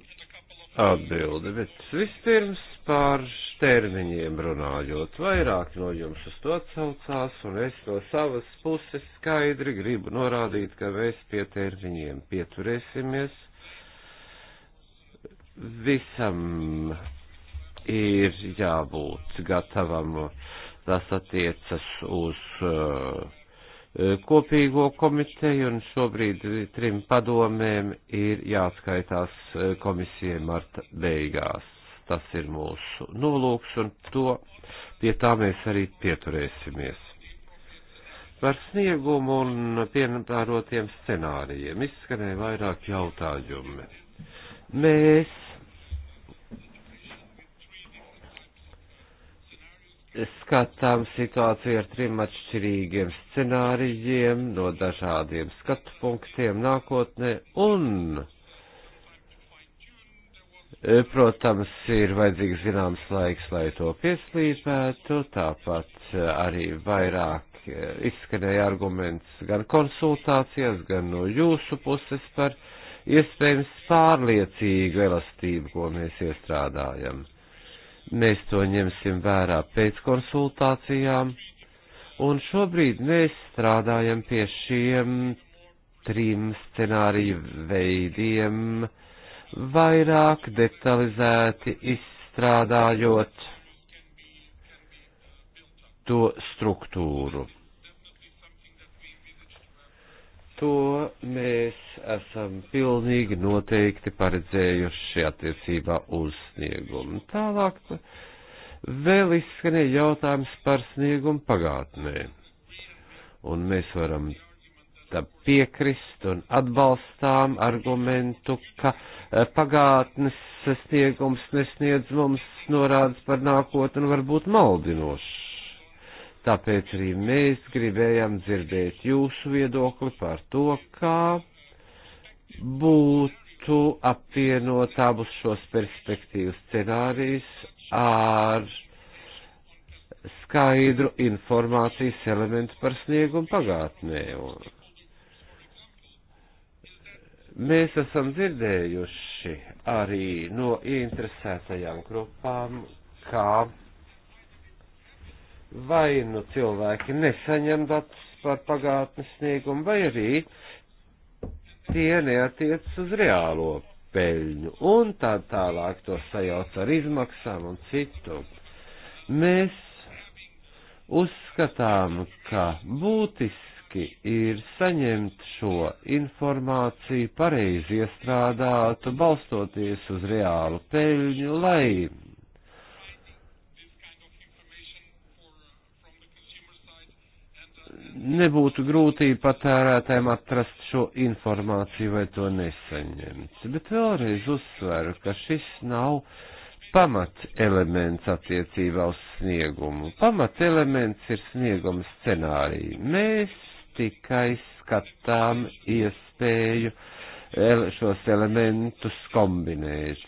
atbildi, bet vispirms par termiņiem runājot. Vairāk no jums uz to atsaucās, un es no savas puses skaidri gribu norādīt, ka mēs pie termiņiem pieturēsimies. Visam ir jābūt gatavam, tas attiecas uz uh, kopīgo komiteju, un šobrīd trim padomēm ir jāatskaitās uh, komisijai marta beigās. Tas ir mūsu nolūks, un to pie tā mēs arī pieturēsimies. Par sniegumu un piemērotiem scenārijiem izskanēja vairāk jautājumi. Mēs skatām situāciju ar trim atšķirīgiem scenārijiem no dažādiem skatu punktiem nākotnē un E, protams, ir vajadzīgs zināms laiks, lai to pieslīpētu, tāpat e, arī vairāk e, izskanēja arguments gan konsultācijās, gan no jūsu puses par iespējams pārliecīgu elastību, ko mēs iestrādājam. Mēs to ņemsim vērā pēc konsultācijām, un šobrīd mēs strādājam pie šiem trim scenāriju veidiem, uh, vairāk detalizēti izstrādājot to struktūru. To mēs esam pilnīgi noteikti paredzējuši attiecībā uz sniegumu. Tālāk vēl izskanēja jautājums par sniegumu pagātnē. Un mēs varam tam piekrist un atbalstām argumentu, ka e, pagātnes sniegums nesniedz mums norādes par nākotni un var būt maldinošs. Tāpēc arī mēs gribējām dzirdēt jūsu viedokli par to, kā būtu apvienot abus šos perspektīvu scenārijus ar skaidru informācijas elementu par sniegumu pagātnē. Un Mēs esam dzirdējuši arī no interesētajām grupām, kā vai nu cilvēki nesaņem datus par pagātnes sniegumu, vai arī tie neatiec uz reālo peļņu, un tā tālāk to sajauc ar izmaksām un citu. Mēs uzskatām, ka būtiski būtiski ir saņemt šo informāciju pareizi iestrādātu, balstoties uz reālu peļņu, lai nebūtu grūtība patērētājiem atrast šo informāciju vai to nesaņemt. Bet vēlreiz uzsveru, ka šis nav pamat elements attiecībā uz sniegumu. Pamat elements ir snieguma scenārija. Mēs tikai skatām iespēju eh, šos elementus kombinēt,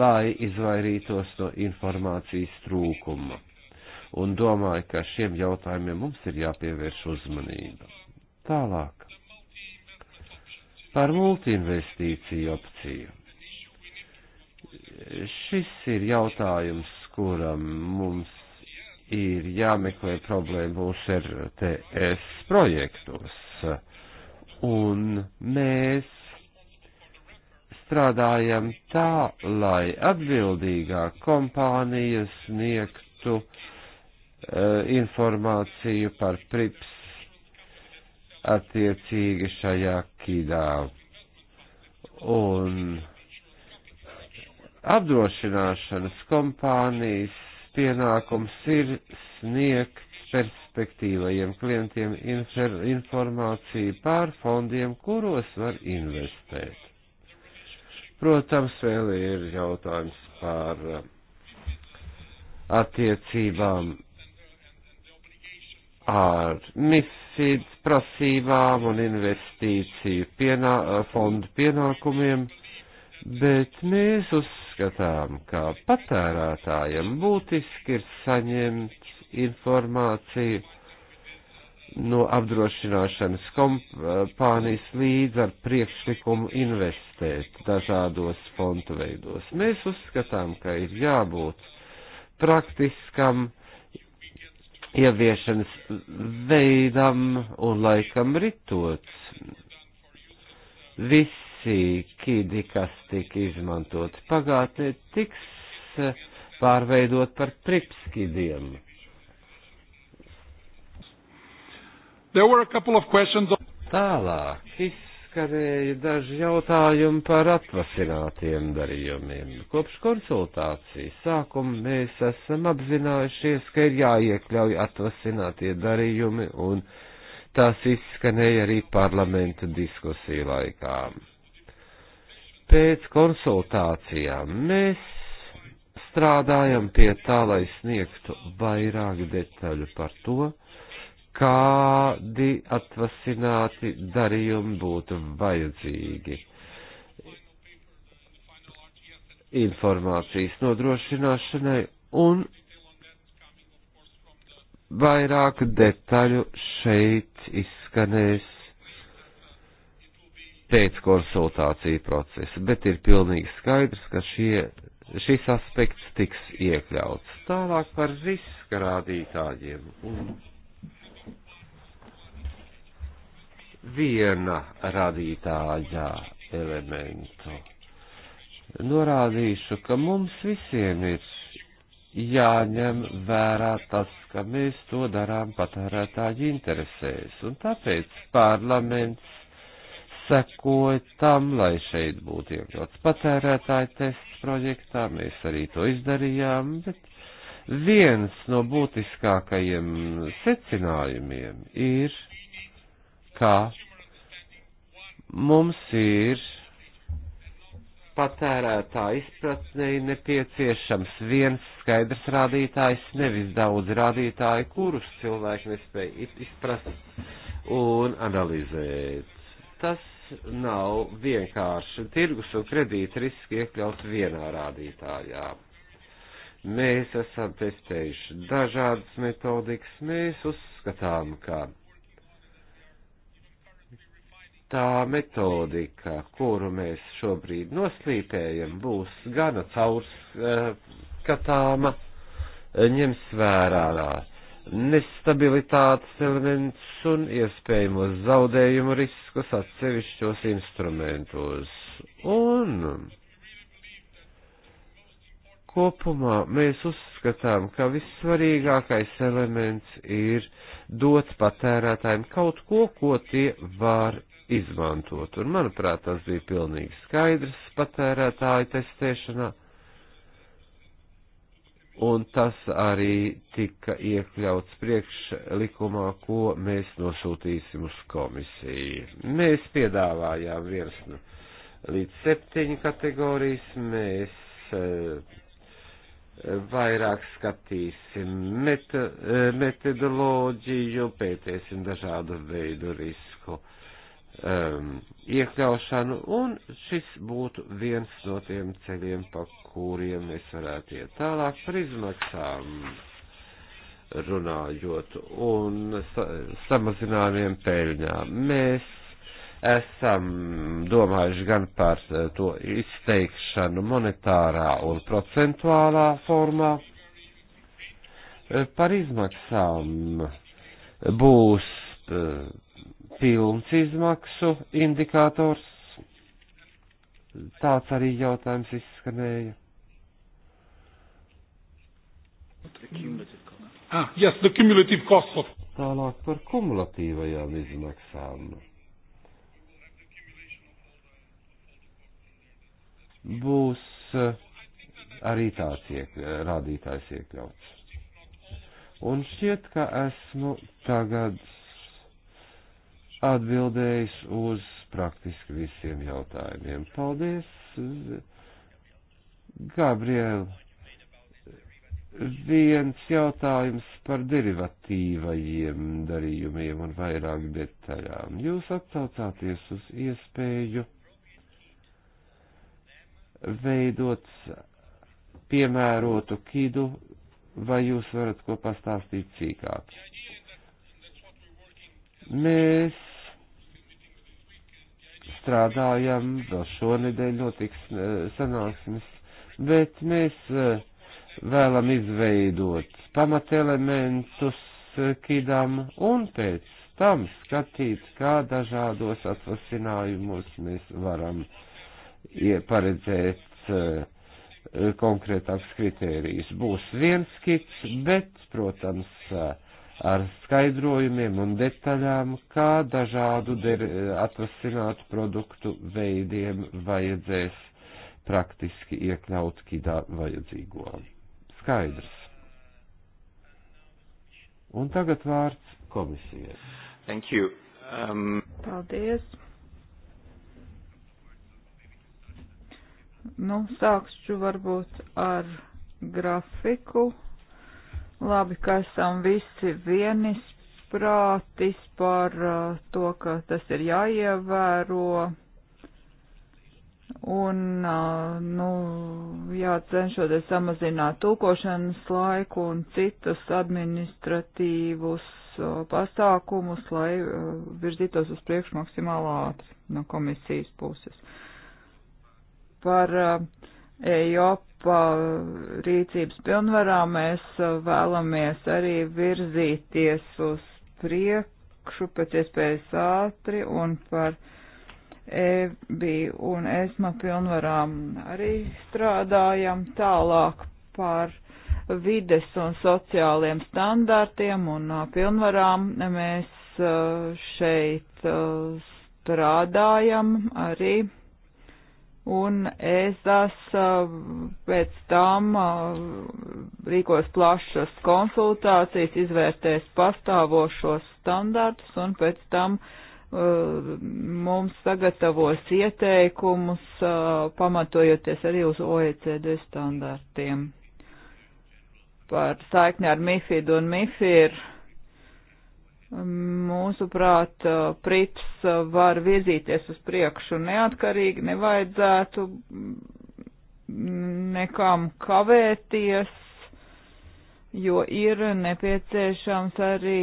lai izvairītos no informācijas trūkuma. Un domāju, ka šiem jautājumiem mums ir jāpievērš uzmanība. Tālāk. Par multiinvestīciju opciju. Šis ir jautājums, kuram mums ir jāmeklē problēma mūsu RTS projektos. Un mēs strādājam tā, lai atbildīgā kompānija sniegtu uh, informāciju par prips attiecīgi šajā kidā. Un apdrošināšanas kompānijas pienākums ir sniegt perspektīvajiem klientiem informāciju par fondiem, kuros var investēt. Protams, vēl ir jautājums par eh, attiecībām ar misijas prasībām un investīciju pienā, fondu pienākumiem bet mēs uzskatām, ka patērētājiem būtiski ir saņemt informāciju no apdrošināšanas kompānijas līdz ar priekšlikumu investēt dažādos fontu veidos. Mēs uzskatām, ka ir jābūt praktiskam ieviešanas veidam un laikam ritot. Viss visi kīdi, kas tika izmantoti pagātnē, tiks eh, pārveidot par tripskidiem. Tālāk izskanēja daži jautājumi par atvasinātiem darījumiem. Kopš konsultācijas sākuma mēs esam apzinājušies, ka ir jāiekļauj atvasinātie darījumi, un tās izskanēja arī parlamenta diskusiju laikām. Pēc konsultācijām mēs strādājam pie tā, lai sniegtu vairāk detaļu par to, kādi atvasināti darījumi būtu vajadzīgi. Informācijas nodrošināšanai un vairāk detaļu šeit izskanēs pēc konsultāciju procesa, bet ir pilnīgi skaidrs, ka šie, šis aspekts tiks iekļauts. Tālāk par riska rādītājiem. Un viena radītāja elementu. Norādīšu, ka mums visiem ir jāņem vērā tas, ka mēs to darām patērētāju interesēs, un tāpēc parlaments sekoja tam, lai šeit būtu iekļauts patērētāju tests projektā, mēs arī to izdarījām, bet viens no būtiskākajiem secinājumiem ir, ka mums ir patērētā izpratnē nepieciešams viens skaidrs rādītājs, nevis daudz rādītāju, kurus cilvēki nespēja izprast un analizēt. Tas nav vienkārši. Tirgus un kredīta riski iekļaut vienā rādītājā. Mēs esam testējuši dažādas metodikas, mēs uzskatām, ka tā metodika, kuru mēs šobrīd noslīpējam, būs gana caurskatāma, eh, ņems vērā nestabilitātes elements un iespējamos zaudējumu riskus atsevišķos instrumentos. Un kopumā mēs uzskatām, ka vissvarīgākais elements ir dot patērētājiem kaut ko, ko tie var izmantot. Un, manuprāt, tas bija pilnīgi skaidrs patērētāju testēšanā un tas arī tika iekļauts priekšlikumā, ko mēs nosūtīsim uz komisiju. Mēs piedāvājām viens nu, līdz septiņu kategorijas, mēs eh, vairāk skatīsim met eh, metodoloģiju, pētēsim dažādu veidu risku um, iekļaušanu, un šis būtu viens no tiem ceļiem, pa kuriem es varētu iet tālāk par izmaksām runājot un sa samazinājumiem peļņā. Mēs esam domājuši gan par uh, to izteikšanu monetārā un procentuālā formā. Uh, par izmaksām būs uh, pilns izmaksu indikators. Tāds arī jautājums izskanēja. Ah, yes, the cumulative cost of. Tālāk par kumulatīvajām izmaksām. Būs eh, arī tāds iek, rādītājs iekļauts. Un šķiet, ka esmu tagad atbildējis uz praktiski visiem jautājumiem. Paldies, Gabriela. Viens jautājums par derivatīvajiem darījumiem un vairāk detaļām. Jūs atcaucāties uz iespēju veidot piemērotu kidu, vai jūs varat ko pastāstīt cīkāk? Mēs strādājam, vēl šonedēļ notiks eh, sanāksmes, bet mēs eh, vēlam izveidot pamatelementus eh, kidam un pēc tam skatīt, kā dažādos atvasinājumos mēs varam paredzēt konkrētāks kritērijus. Būs viens kits, bet, protams, ar skaidrojumiem un detaļām, kā dažādu atrasinātu produktu veidiem vajadzēs praktiski iekļaut kidā vajadzīgo. Skaidrs. Un tagad vārds komisijai. Thank you. Um... Paldies. Nu, sākšu varbūt ar grafiku Labi, ka esam visi vienis prātis par uh, to, ka tas ir jāievēro. Un, uh, nu, jācenšoties samazināt tūkošanas laiku un citus administratīvus uh, pasākumus, lai uh, virzītos uz priekšu maksimāli ātri no komisijas puses. Par uh, EJOPA rīcības pilnvarām mēs vēlamies arī virzīties uz priekšu pēc iespējas ātri un par EBI un ESMA pilnvarām arī strādājam tālāk par vides un sociāliem standārtiem un uh, pilnvarām. Mēs uh, šeit uh, strādājam arī un ESAS pēc tam rīkos plašas konsultācijas, izvērtēs pastāvošos standartus un pēc tam mums sagatavos ieteikumus, pamatojoties arī uz OECD standartiem. Par saikni ar MIFID un MIFIR Mūsuprāt, uh, prips uh, var virzīties uz priekšu neatkarīgi, nevajadzētu nekam kavēties, jo ir nepieciešams arī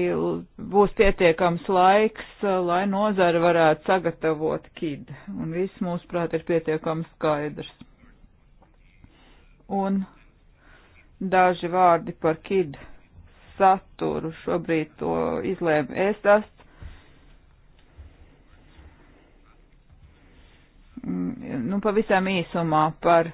būs pietiekams laiks, uh, lai nozara varētu sagatavot kid. Un viss, mūsuprāt, ir pietiekams skaidrs. Un daži vārdi par kidu saturu. Šobrīd to izlēmu ēstast. Mm, nu, pavisam īsumā par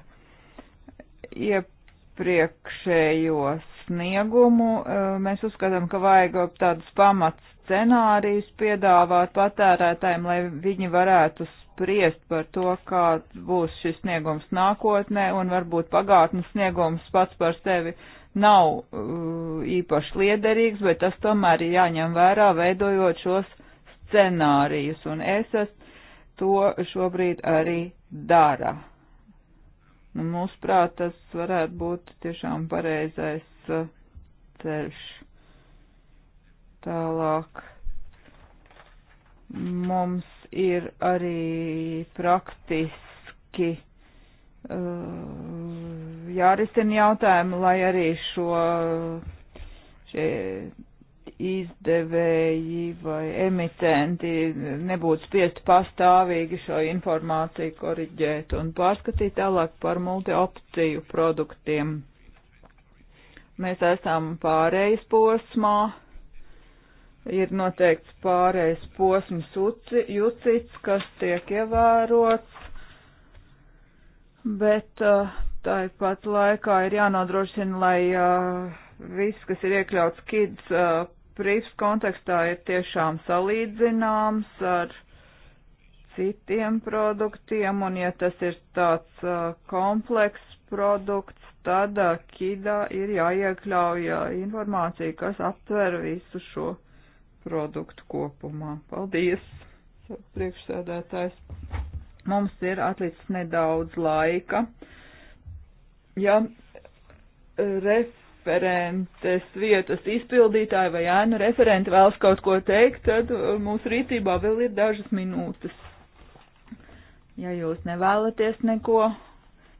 iepriekšējo sniegumu. E, mēs uzskatām, ka vajag tādus pamats scenārijus piedāvāt patērētājiem, lai viņi varētu spriest par to, kāds būs šis sniegums nākotnē, un varbūt pagātnes sniegums pats par sevi nav uh, īpaši liederīgs, bet tas tomēr ir jāņem vērā, veidojot šos scenārijus, un es to šobrīd arī dara. Nu, mūsuprāt, tas varētu būt tiešām pareizais uh, ceļš. Tālāk mums ir arī praktiski uh, jārisina jautājumi, lai arī šo izdevēji vai emitenti nebūtu spiesti pastāvīgi šo informāciju koriģēt un pārskatīt tālāk par multiopciju produktiem. Mēs esam pārējais posmā, ir noteikts pārējais posms jucits, kas tiek ievērots, bet uh, Tāpat laikā ir jānodrošina, lai uh, viss, kas ir iekļauts kids uh, prīvs kontekstā, ir tiešām salīdzināms ar citiem produktiem, un ja tas ir tāds uh, komplekss produkts, tad uh, kidā ir jāiekļauj uh, informācija, kas aptver visu šo produktu kopumā. Paldies, priekšsēdētājs. Mums ir atlicis nedaudz laika. Uh, ja referentes vietas izpildītāji vai ēnu referenti vēlas kaut ko teikt, tad uh, mūsu rītībā vēl ir dažas minūtes. Ja jūs nevēlaties neko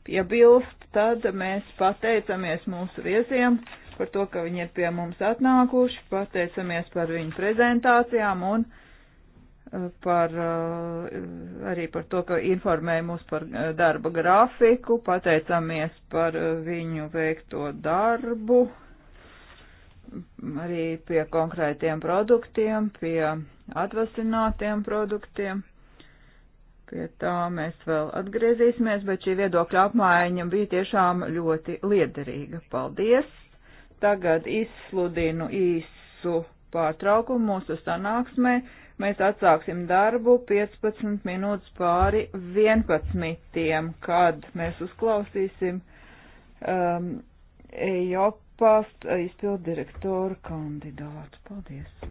piebilst, tad mēs pateicamies mūsu viesiem par to, ka viņi ir pie mums atnākuši, pateicamies par viņu prezentācijām un par, eh, arī par to, ka informēja mūs par eh, darba grafiku, pateicamies par eh, viņu veikto darbu, arī pie konkrētiem produktiem, pie atvasinātiem produktiem. Pie tā mēs vēl atgriezīsimies, bet šī viedokļa apmaiņa bija tiešām ļoti liederīga. Paldies! Tagad izsludinu īsu pārtraukumu mūsu sanāksmē. Mēs atsāksim darbu 15 minūtes pāri 11, kad mēs uzklausīsim um, EJOPAST izpildirektoru kandidātu. Paldies!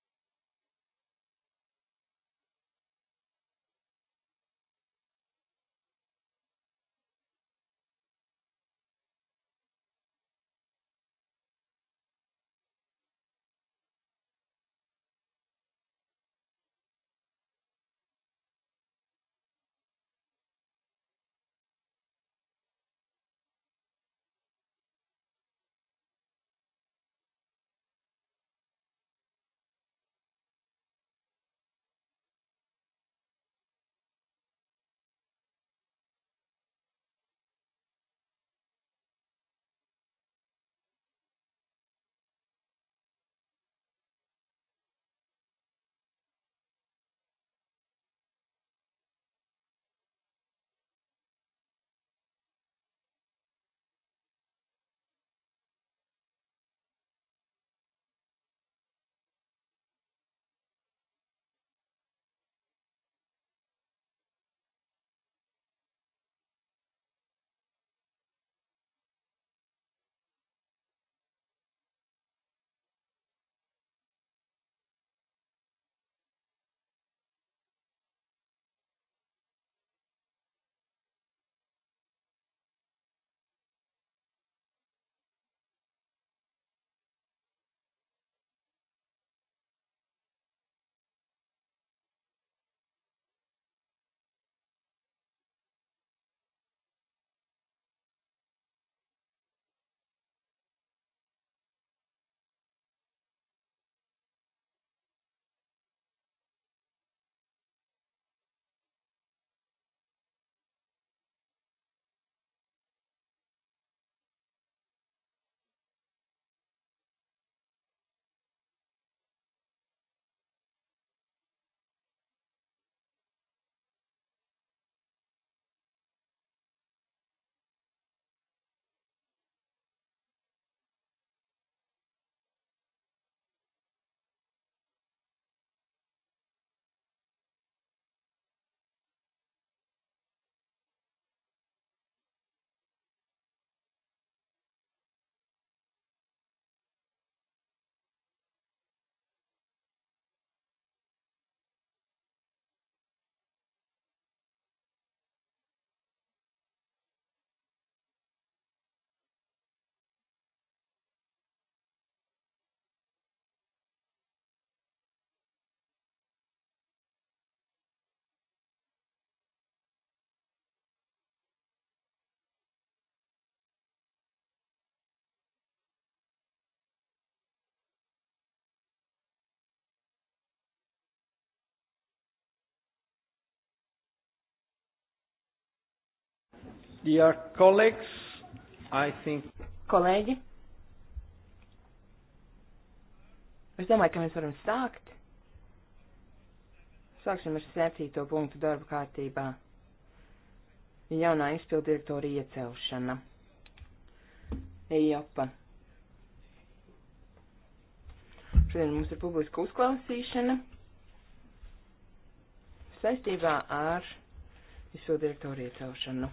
Dear colleagues, I think. Kolēģi, es domāju, ka mēs varam sākt. Sāksim ar septīto punktu darba kārtībā. Jaunā izpildirektora iecelšana. Ejopa. Šodien mums ir publiska uzklausīšana saistībā ar izpildirektoru iecelšanu.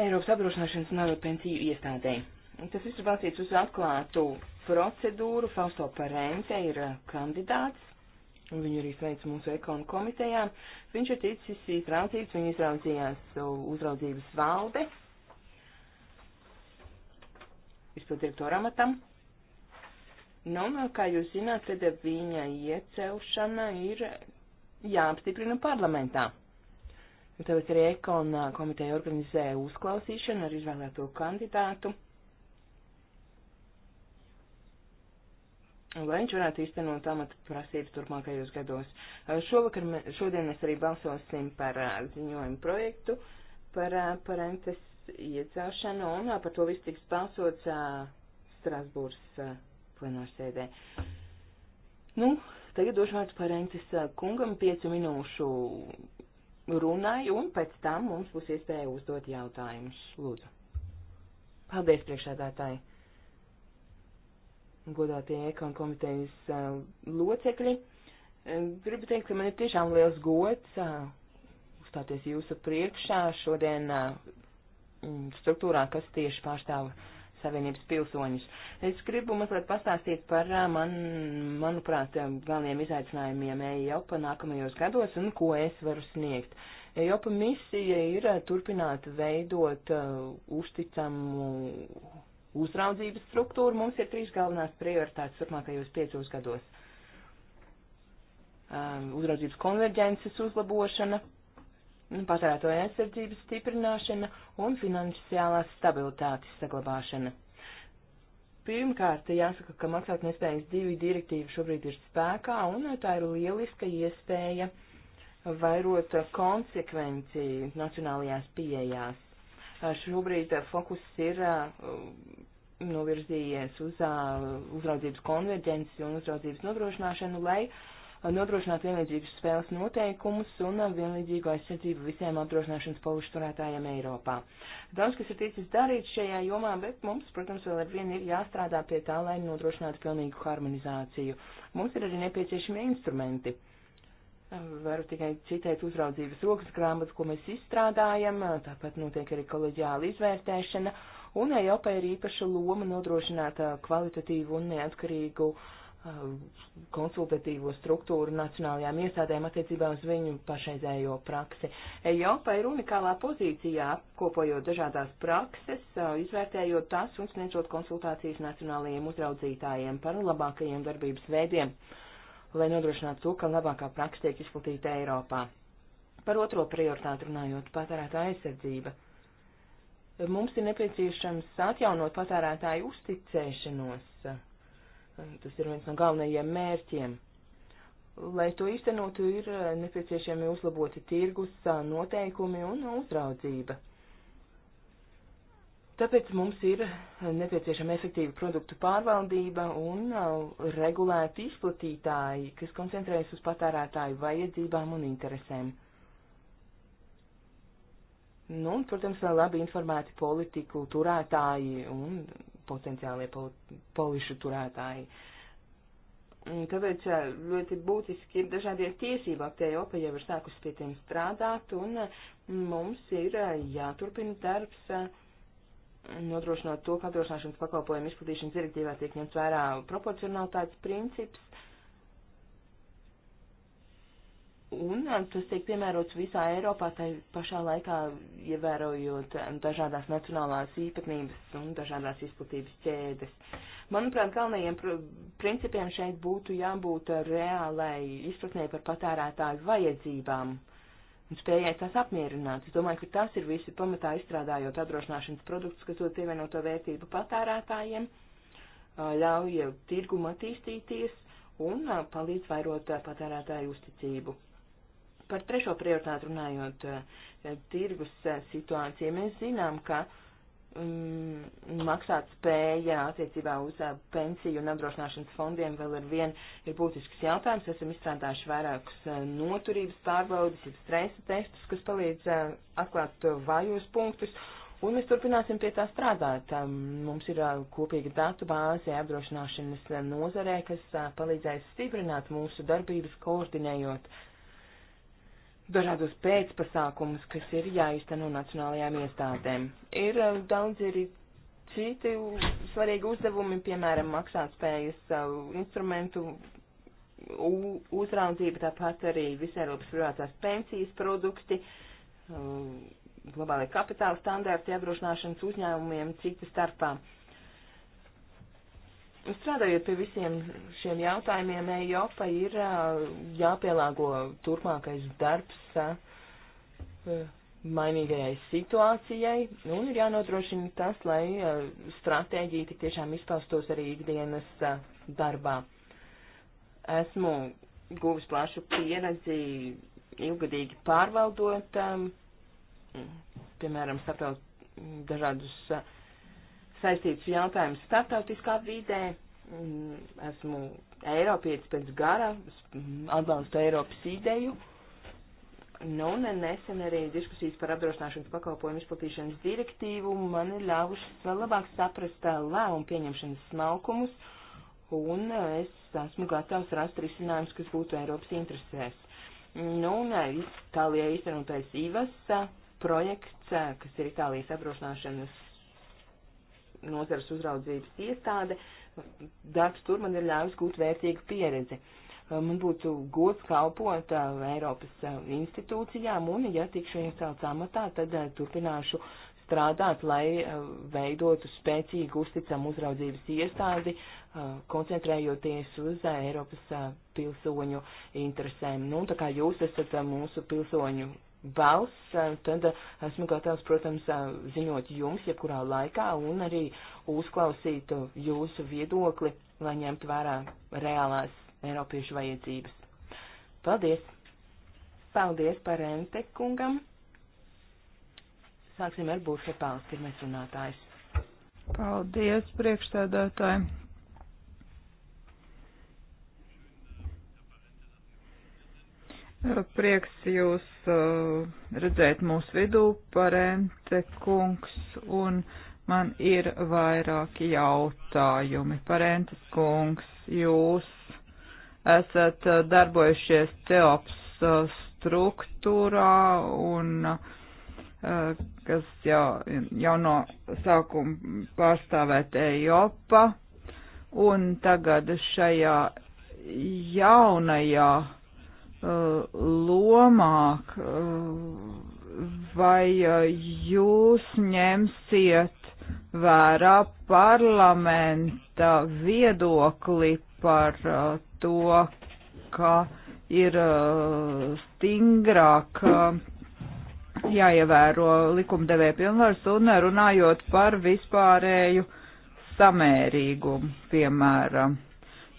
Eiropas apdrošināšanas un arotpensiju iestādēji. Tas viss ir balstīts uz atklātu procedūru. Fausto Parente ir uh, kandidāts. Viņu arī sveic mūsu ekonu komitejā. Viņš ir ticis izraudzīts, viņu izraudzījās uh, uzraudzības valde. Izpildirektora amatam. Nu, kā jūs zināt, tad viņa iecelšana ir jāapstiprina parlamentā. Un tāpēc arī Ekon komiteja organizēja uzklausīšanu ar izvēlēto kandidātu, lai viņš varētu īstenot amata prasības turpmākajos gados. Šovakar, me, šodien mēs arī balsosim par ziņojumu projektu, par parentes iecelšanu, un par to viss tiks balsots Strasbūras plenārsēdē. Nu, tagad došu vārdu parentes kungam piecu minūšu runai, un pēc tam mums būs iespēja uzdot jautājumus. Lūdzu. Paldies, priekšādātāji. Godātie ekonu komitejas uh, locekļi. Gribu teikt, ka man ir tiešām liels gods uh, uzstāties jūsu priekšā šodien uh, struktūrā, kas tieši pārstāv uh, Savienības pilsoņus. Es gribu mazliet pastāstīt par, man, manuprāt, galveniem izaicinājumiem EIOPA nākamajos gados un ko es varu sniegt. EIOPA misija ir turpināt veidot uh, uzticamu uzraudzības struktūru. Mums ir trīs galvenās prioritātes turpmākajos piecos gados. Uh, uzraudzības konverģences uzlabošana, patērētoja aizsardzības stiprināšana un finansiālās stabilitātes saglabāšana. Pirmkārt, jāsaka, ka maksātnespējas divi direktīva šobrīd ir spēkā, un tā ir lieliska iespēja vairot konsekvenciju nacionālajās pieejās. Šobrīd fokus ir novirzījies uz uzraudzības konverģenci un uzraudzības nodrošināšanu, lai uh, nodrošināt vienlīdzīgas spēles noteikumus un vienlīdzīgu aizsardzību visiem apdrošināšanas paušu turētājiem Eiropā. Daudz, kas ir ticis darīts šajā jomā, bet mums, protams, vēl ar vienu ir jāstrādā pie tā, lai nodrošinātu pilnīgu harmonizāciju. Mums ir arī nepieciešami instrumenti. Varu tikai citēt uzraudzības rokas grāmatas, ko mēs izstrādājam, tāpat notiek arī koleģiāla izvērtēšana, un EIOPA ir īpaša loma nodrošināt kvalitatīvu un neatkarīgu uh, Um, konsultatīvo struktūru nacionālajām iestādēm attiecībā uz viņu pašreizējo praksi. Eiropa ir unikālā pozīcijā, kopojot dažādās prakses, uh, izvērtējot tās un sniedzot konsultācijas nacionālajiem uzraudzītājiem par labākajiem darbības veidiem, lai nodrošinātu to, ka labākā praksa tiek izplatīta Eiropā. Par otro prioritātu runājot, patērētā aizsardzība. Mums ir nepieciešams atjaunot patērētāju uzticēšanos Tas ir viens no galvenajiem mērķiem. Lai to īstenotu, ir eh, nepieciešami uzlaboti tirgus, eh, noteikumi un uzraudzība. Tāpēc mums ir eh, nepieciešama efektīva produktu pārvaldība un regulēti izplatītāji, kas koncentrējas uz patērētāju vajadzībām un interesēm. Nu, un, protams, labi informēti politiku turētāji un potenciālie polišu turētāji. Tāpēc ļoti būtiski ir dažādie tiesību aktēji, OPA jau ir sākus pie tiem strādāt, un mm, mums ir jāturpina darbs, nodrošinot to, ka apdrošināšanas pakalpojumu izplatīšanas direktīvā tiek ņemts vērā proporcionalitātes princips, Un um, tas tiek piemērots visā Eiropā, tai pašā laikā ievērojot um, dažādās nacionālās īpatnības un dažādās izplatības ķēdes. Manuprāt, galvenajiem principiem šeit būtu jābūt reālai izpratnē par patērētāju vajadzībām un spējai tās apmierināt. Es domāju, ka tas ir visi pamatā izstrādājot apdrošināšanas produktus, kas dod pievienoto vērtību patērētājiem, uh, ļauj tirgumu attīstīties un uh, palīdz vairot uh, patērētāju uzticību. Par trešo prioritātu runājot, eh, tirgus eh, situācija. Mēs zinām, ka mm, maksāt spēja attiecībā uz eh, pensiju un apdrošināšanas fondiem vēl ar vien ir būtisks jautājums. Esam izstrādājuši vairākus noturības pārbaudas, ir stresa testus, kas palīdz atklāt vājos punktus. Un mēs turpināsim pie tā strādāt. Mums ir kopīga datu bāze apdrošināšanas nozarē, kas palīdzēs stiprināt mūsu darbības koordinējot dažādos pēcpasākumus, kas ir jāizteno nacionālajām iestādēm. Ir eh, daudz arī citi svarīgi uzdevumi, piemēram, maksātspējas eh, instrumentu uzraudzība, tāpat arī visai Eiropas privātās pensijas produkti, eh, globālai kapitāla standārti apdrošināšanas uzņēmumiem citu starpā. Uh, Strādājot pie visiem šiem jautājumiem, EIOPA ir jāpielāgo turpmākais darbs mainīgajai situācijai un ir jānodrošina tas, lai stratēģija tik tiešām izpaustos arī ikdienas darbā. Esmu guvis plašu pieredzi ilgadīgi pārvaldot, piemēram, sapelt dažādus uh, saistīts jautājums starptautiskā vidē. Mm, esmu Eiropietis pēc gara, atbalstu Eiropas ideju. Nu, un nesen arī diskusijas par apdrošināšanas pakalpojumu izplatīšanas direktīvu man ir ļāvušas vēl labāk saprast uh, lēmumu pieņemšanas smalkumus, un uh, es esmu gatavs rast risinājumus, kas būtu Eiropas interesēs. Nu, un uh, Itālijā īstenotais IVAS projekts, kas ir Itālijas apdrošināšanas nozares uzraudzības iestāde, darbs tur man ir ļāvis gūt vērtīgu pieredzi. Man būtu gods kalpot uh, Eiropas uh, institūcijām, un, ja tikšu iecelts amatā, tad uh, turpināšu strādāt, lai veidotu spēcīgu uzticamu uzraudzības iestādi, koncentrējoties uz Eiropas pilsoņu interesēm. Nu, tā kā jūs esat mūsu pilsoņu balss, eh, tad esmu gatavs, protams, eh, ziņot jums jebkurā laikā un arī uzklausīt jūsu viedokli, lai ņemtu vērā reālās Eiropiešu vajadzības. Paldies! Paldies par Ente kungam! Sāksim ar Burfe Pāls, pirmais runātājs. Paldies priekšstādātājiem! Prieks jūs uh, redzēt mūsu vidū, parente kungs, un man ir vairāki jautājumi. Parentes kungs, jūs esat uh, darbojušies teops uh, struktūrā un kas jau, jau no sākuma pārstāvēt Eiropa, un tagad šajā jaunajā lomā, vai eh, jūs ņemsiet vērā parlamenta viedokli par eh, to, ka ir eh, stingrāk jāievēro likumdevēja pilnvars un runājot par vispārēju samērīgumu, piemēram.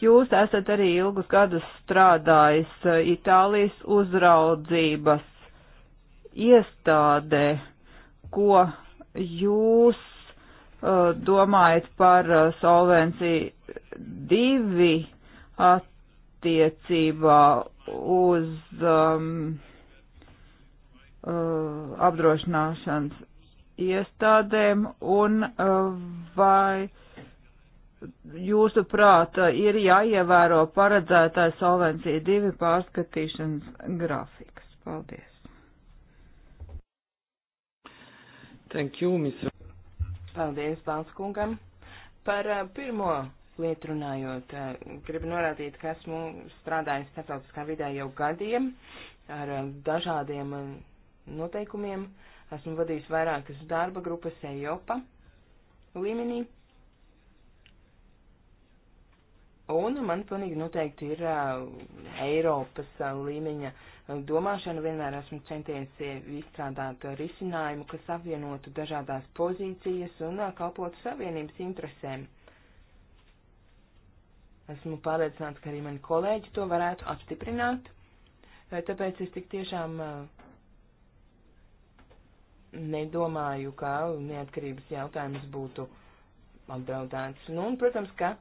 Jūs esat arī ilgus gadus strādājis eh, Itālijas uzraudzības iestādē, ko jūs uh, domājat par uh, eh, solvenciju divi attiecībā uz um, uh, apdrošināšanas iestādēm un uh, vai jūsu prāta ir jāievēro paredzētā solvencija divi pārskatīšanas grafiks. Paldies. Thank you, Miss. Paldies, Balskungam. Par uh, pirmo lietu runājot, uh, gribu norādīt, ka esmu strādājis starptautiskā vidē jau gadiem ar uh, dažādiem uh, noteikumiem. Esmu vadījis vairākas darba grupas Eiropa līmenī. Uh, Un man pilnīgi noteikti ir uh, Eiropas uh, līmeņa domāšana. Vienmēr esmu centies izstrādāt risinājumu, kas apvienotu dažādās pozīcijas un uh, kalpotu savienības interesēm. Esmu pārliecināts, ka arī mani kolēģi to varētu apstiprināt. Tāpēc es tik tiešām uh, nedomāju, ka neatkarības jautājums būtu apdraudēts. Nu, un, protams, ka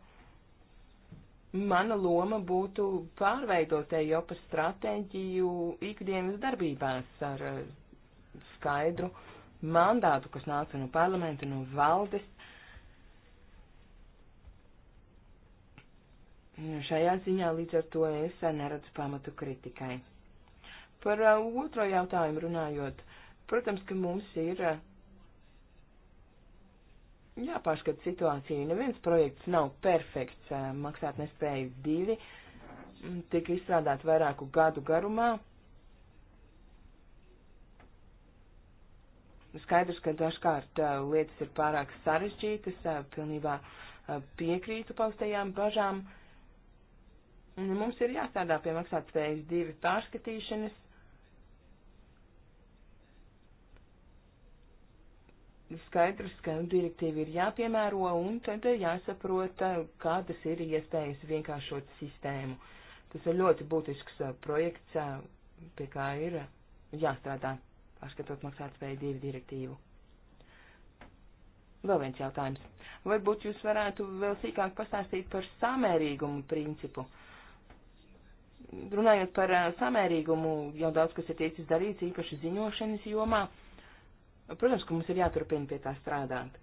mana loma būtu pārveidot Eiropas stratēģiju ikdienas darbībās ar eh, skaidru mandātu, kas nāca no parlamenta, no valdes. Šajā ziņā līdz ar to es neredzu pamatu kritikai. Par eh, otro jautājumu runājot, protams, ka mums ir eh, jāpārskata situācija. Neviens projekts nav perfekts, maksāt nespējas divi, mm, tika izstrādāt vairāku gadu garumā. Skaidrs, ka dažkārt lietas ir pārāk sarežģītas, pilnībā piekrītu paustajām bažām. Mums ir jāstrādā pie maksātspējas divi pārskatīšanas, skaidrs, ka direktīva ir jāpiemēro un tad jāsaprot, kādas ir iespējas vienkāršot sistēmu. Tas ir ļoti būtisks uh, projekts, uh, pie kā ir uh, jāstrādā, pārskatot maksātspēju divu direktīvu. Vēl viens jautājums. Varbūt jūs varētu vēl sīkāk pastāstīt par samērīgumu principu. Runājot par samērīgumu, jau daudz kas ir tiecis darīts, īpaši ziņošanas jomā. Uh, Protams, ka mums ir jāturpina pie tā strādāt.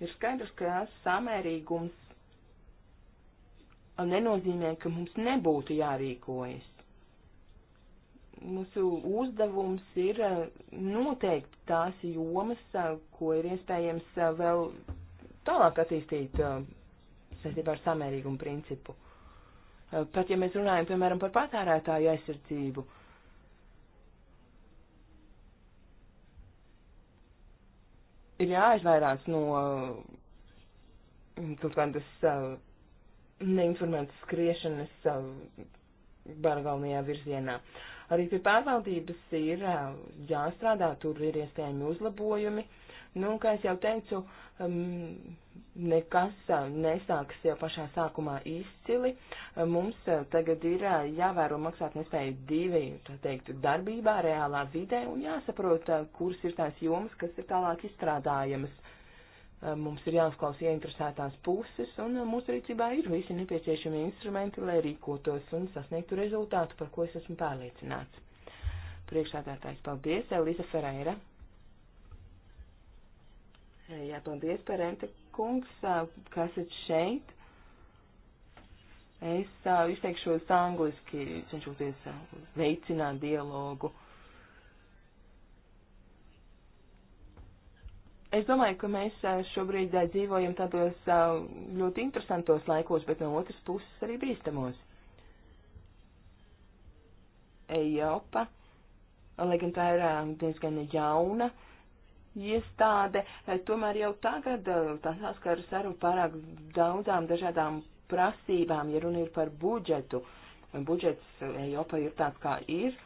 Ir skaidrs, ka samērīgums nenozīmē, ka mums nebūtu jārīkojas. Mūsu uzdevums ir eh, noteikt tās jomas, eh, ko ir iespējams eh, vēl tālāk attīstīt saistībā ar samērīgumu principu. Pat ja mēs runājam, piemēram, par patērētāju aizsardzību, ir jāizvairās no mm, kaut kādas uh, neinformētas skriešanas uh, bargalnajā virzienā. Arī pie pārvaldības ir uh, jāstrādā, tur ir iespējami uzlabojumi. Uh, Nu, kā es jau teicu, um, nekas uh, nesāks jau pašā sākumā izcili. Uh, mums uh, tagad ir jāvēro maksāt nespēju divi, tā teikt, darbībā, reālā vidē un jāsaprot, kuras ir tās jomas, kas ir tālāk izstrādājamas. Mums ir jāuzklausa ieinteresētās puses un mūsu rīcībā ir visi nepieciešami instrumenti, lai rīkotos un sasniegtu rezultātu, par ko es esmu pārliecināts. Priekšādātājs, paldies, Elisa Ferreira. Jā, paldies, Parente kungs, kas esat šeit. Es uh, izteikšos angliski, cenšoties uh, veicināt dialogu. Es domāju, ka mēs uh, šobrīd uh, dzīvojam tādos uh, ļoti interesantos laikos, bet no otras puses arī bīstamos. Eiropa, lai gan tā ir uh, diezgan jauna, uh, iestāde eh, tomēr jau tagad eh, tā saskaras ar pārāk daudzām dažādām prasībām, ja runa ir par budžetu. Budžets eh, Eiropā ir tāds, kā ir.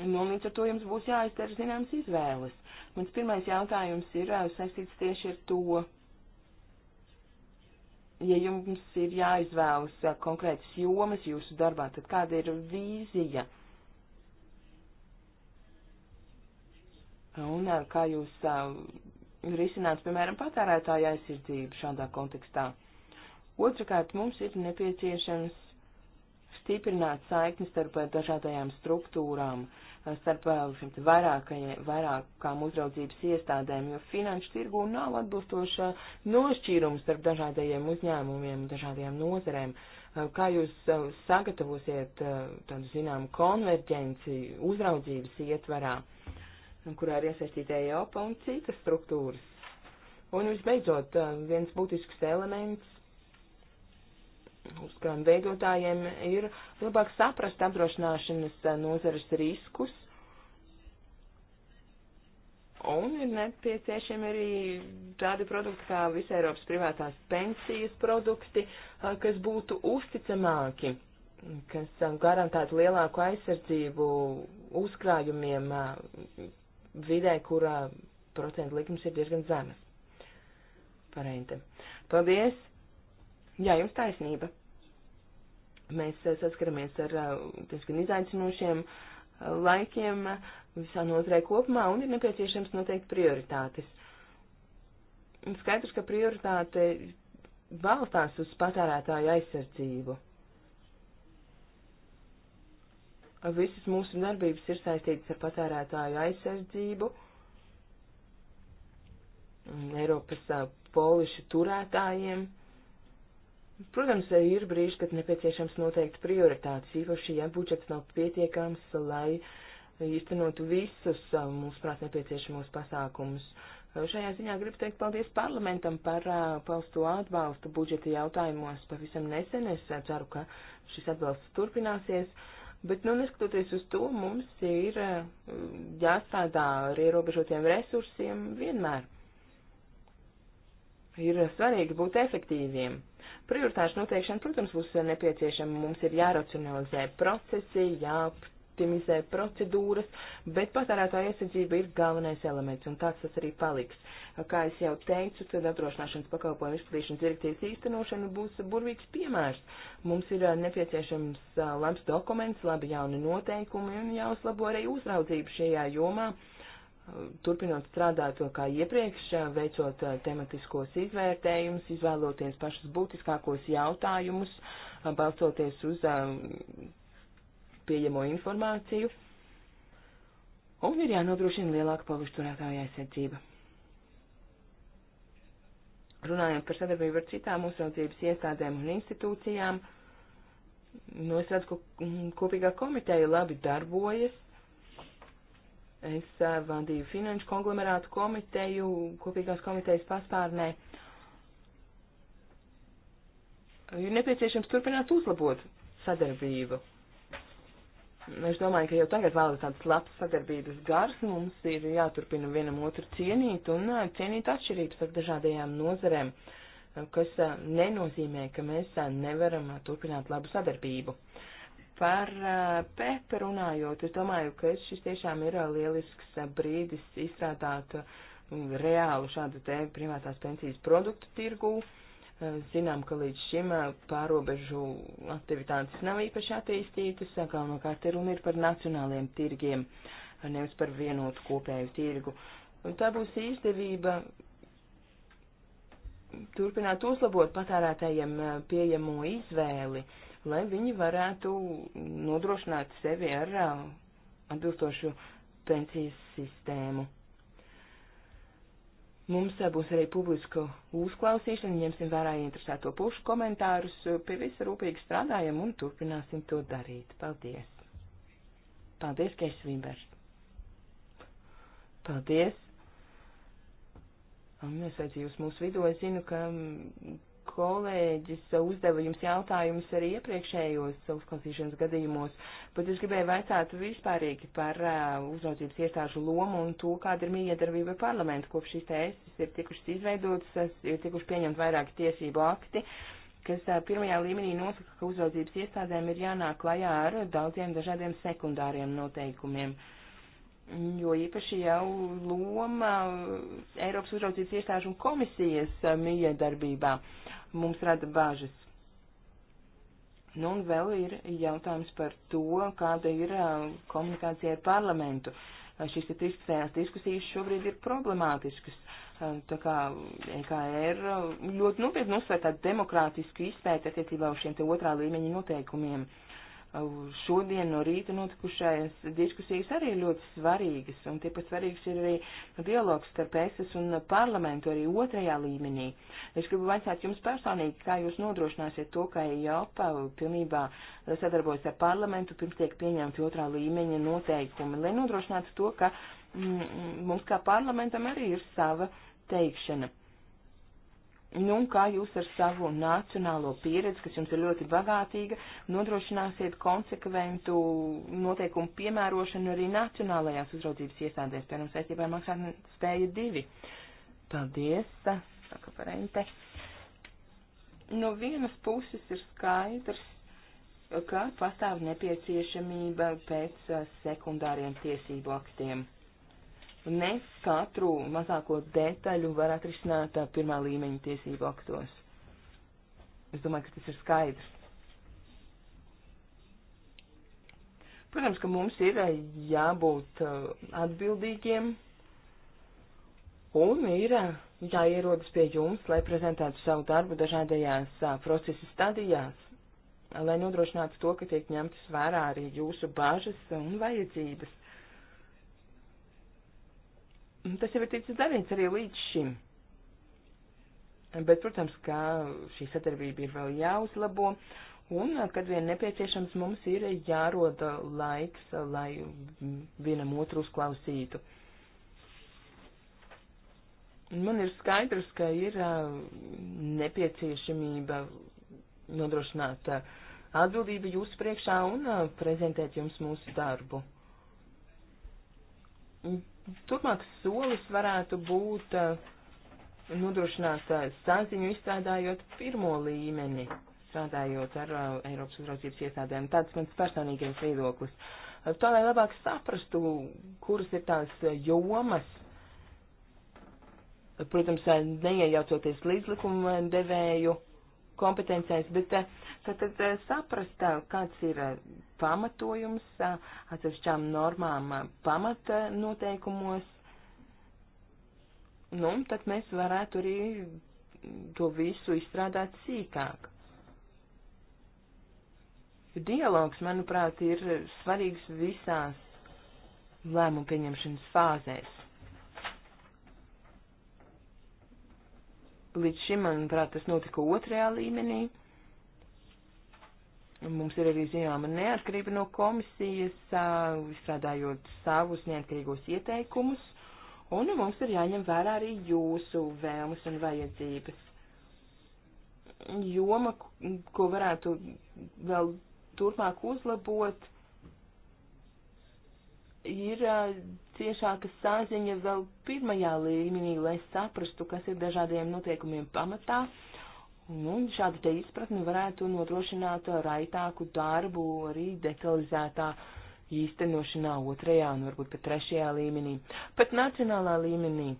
Nu, līdz ar to jums būs jāizdara zināmas izvēles. Mans pirmais jautājums ir saistīts tieši ar to, ja jums ir jāizvēlas konkrētas jomas jūsu darbā, tad kāda ir vīzija? Un eh, kā jūs eh, risināt, piemēram, patērētāja aizsardzību šādā kontekstā? Otrakārt, mums ir nepieciešams stiprināt saikni starp eh, dažādajām struktūrām, starp vairākām uzraudzības iestādēm, jo finanšu tirgu nav atbilstoša nošķīrums starp dažādajiem uzņēmumiem, dažādajām nozerēm. Kā jūs sagatavosiet tādu zinām konverģenci uzraudzības ietvarā? kurā ir iesaistīta Eiropa un citas struktūras. Un visbeidzot, um, viens būtisks elements, uz kādiem veidotājiem ir labāk saprast apdrošināšanas uh, nozares riskus, un ir nepieciešami arī tādi produkti kā visa Eiropas privātās pensijas produkti, uh, kas būtu uzticamāki, kas uh, garantētu lielāku aizsardzību uzkrājumiem vidē, kurā procentu likums ir diezgan zemes. Parente. Paldies! Jā, jums taisnība. Mēs eh, saskaramies ar eh, diezgan izaicinošiem eh, laikiem visā nozarē kopumā un ir nepieciešams noteikti prioritātes. Skaidrs, ka prioritāte balstās uz patērētāju aizsardzību. visas mūsu darbības ir saistītas ar patērētāju aizsardzību, Eiropas polišu turētājiem. Protams, ir brīži, kad nepieciešams noteikti prioritātes, īpaši, ja budžets nav pietiekams, lai īstenotu visus mūsu prāt nepieciešamos pasākumus. Šajā ziņā gribu teikt paldies parlamentam par palsto atbalstu budžeta jautājumos pavisam nesen. Es ceru, ka šis atbalsts turpināsies. Uh, Bet, nu, neskatoties uz to, mums ir eh, jāstrādā ar ierobežotiem resursiem vienmēr. Ir svarīgi būt efektīviem. Prioritāšu noteikšana, protams, būs nepieciešama. Mums ir jāracionalizē procesi, jāaptver optimizē procedūras, bet patērētāja aizsardzība ir galvenais elements, un tāds tas arī paliks. Kā es jau teicu, tad apdrošināšanas pakalpojumu izplatīšanas direktīvas īstenošana būs burvīgs piemērs. Mums ir nepieciešams labs dokuments, labi jauni noteikumi un jāuzlabo arī uzraudzību šajā jomā. Turpinot strādāt to kā iepriekš, veicot tematiskos izvērtējumus, izvēloties pašus būtiskākos jautājumus, balstoties uz pieejamo informāciju, un ir jānodrošina lielāka pavušturētāja aizsardzība. Runājot par sadarbību ar citām uzraudzības iestādēm un institūcijām, nu, es redzu, ka mm, kopīgā komiteja labi darbojas. Es vadīju finanšu konglomerātu komiteju, kopīgās komitejas paspārnē. Ir nepieciešams turpināt uzlabot sadarbību. Es domāju, ka jau tagad vēlas tāds labs sadarbības gars, mums ir jāturpina vienam otru cienīt un eh, cienīt atšķirības ar dažādajām nozarēm, eh, kas eh, nenozīmē, ka mēs nevaram turpināt labu sadarbību. Par PEP runājot, es domāju, ka šis tiešām ir lielisks brīdis izstrādāt reālu šādu te privātās pensijas produktu tirgū Zinām, ka līdz šim pārobežu aktivitātes nav īpaši attīstītas, galvenokārt ir runa ir par nacionāliem tirgiem, nevis par vienotu kopēju tirgu. Un tā būs izdevība turpināt uzlabot patērētājiem pieejamo izvēli, lai viņi varētu nodrošināt sevi ar atbilstošu pensijas sistēmu. Mums eh, būs arī publiska uzklausīšana, ņemsim vērā interesēto pušu komentārus, eh, pie visa rūpīgi strādājam un turpināsim to darīt. Paldies! Paldies, Keis Vimbers! Paldies! Un es redzu jūs mūsu vidū, es zinu, ka mm, kolēģis uzdeva jums jautājumus arī iepriekšējos uzklausīšanas gadījumos, bet es gribēju vaicāt vispārīgi par uh, uzraudzības iestāžu lomu un to, kāda ir miedarbība parlamentu, kopš šīs tēsis ir tikušas izveidotas, ir tikuši pieņemt vairāki tiesību akti kas uh, pirmajā līmenī nosaka, ka uzraudzības iestādēm ir jānāk klajā ar daudziem dažādiem sekundāriem noteikumiem. Uh, jo īpaši jau loma Eiropas uzraudzības iestāžu un komisijas miedarbībā mums rada bāžas. Nu, un vēl ir jautājums par to, kāda ir komunikācija ar parlamentu. Šīs trīspadsmitās diskusijas šobrīd ir problemātiskas. Tā kā EKR ļoti nopietni uzsver tādu demokrātisku izpēti attiecībā uz šiem te otrā līmeņa noteikumiem. Uh, šodien no rīta notikušās diskusijas arī ļoti svarīgas, un tiepat svarīgs ir arī dialogs starp ESAS un parlamentu arī otrajā līmenī. Es gribu vaicāt jums personīgi, kā jūs nodrošināsiet to, ka Eiropa pilnībā sadarbojas ar parlamentu, pirms tiek pieņemti otrā līmeņa noteikumi, lai nodrošinātu to, ka mm, mm, mums kā parlamentam arī ir sava teikšana. Nu, un kā jūs ar savu nacionālo pieredzi, kas jums ir ļoti bagātīga, nodrošināsiet konsekventu noteikumu piemērošanu arī nacionālajās uzraudzības iestādēs, piemēram, saistībā ar maksātnes spēju divi? Paldies, saka parente. No vienas puses ir skaidrs, ka pastāv nepieciešamība pēc sekundāriem tiesību aktiem ne katru mazāko detaļu var atrisināt pirmā līmeņa tiesību aktos. Es domāju, ka tas ir skaidrs. Protams, ka mums ir jābūt atbildīgiem un ir jāierodas pie jums, lai prezentētu savu darbu dažādajās procesa stadijās, lai nodrošinātu to, ka tiek ņemtas vērā arī jūsu bažas un vajadzības. Tas jau ir ticis darīts arī līdz šim. Bet, protams, ka šī sadarbība ir vēl jāuzlabo, un, kad vien nepieciešams, mums ir jāroda laiks, lai vienam otru uzklausītu. Man ir skaidrs, ka ir nepieciešamība nodrošināt atbildību jūsu priekšā un prezentēt jums mūsu darbu Turpmāks solis varētu būt eh, nodrošināt eh, stāziņu izstrādājot pirmo līmeni, strādājot ar eh, Eiropas uzraudzības iestādēm. Tāds mans personīgais viedoklis. Tā lai labāk saprastu, kuras ir tās jomas, protams, neiejaucoties līdzlikuma devēju kompetencēs, bet tad saprast, kāds ir pamatojums atsevišķām normām pamata noteikumos. Nu, tad mēs varētu arī to visu izstrādāt sīkāk. Dialogs, manuprāt, ir svarīgs visās lēmumu pieņemšanas fāzēs. Līdz šim, manuprāt, tas notika otrajā līmenī. Mums ir arī zināma neatkarība no komisijas, izstrādājot savus neatkarīgos ieteikumus, un mums ir jāņem vērā arī jūsu vēlmes un vajadzības. Joma, ko varētu vēl turpmāk uzlabot, ir ciešāka saziņa vēl pirmajā līmenī, lai saprastu, kas ir dažādiem noteikumiem pamatā Nu, šādu te izpratni varētu nodrošināt raitāku darbu arī detalizētā īstenošanā otrajā un varbūt pat trešajā līmenī, pat nacionālā līmenī.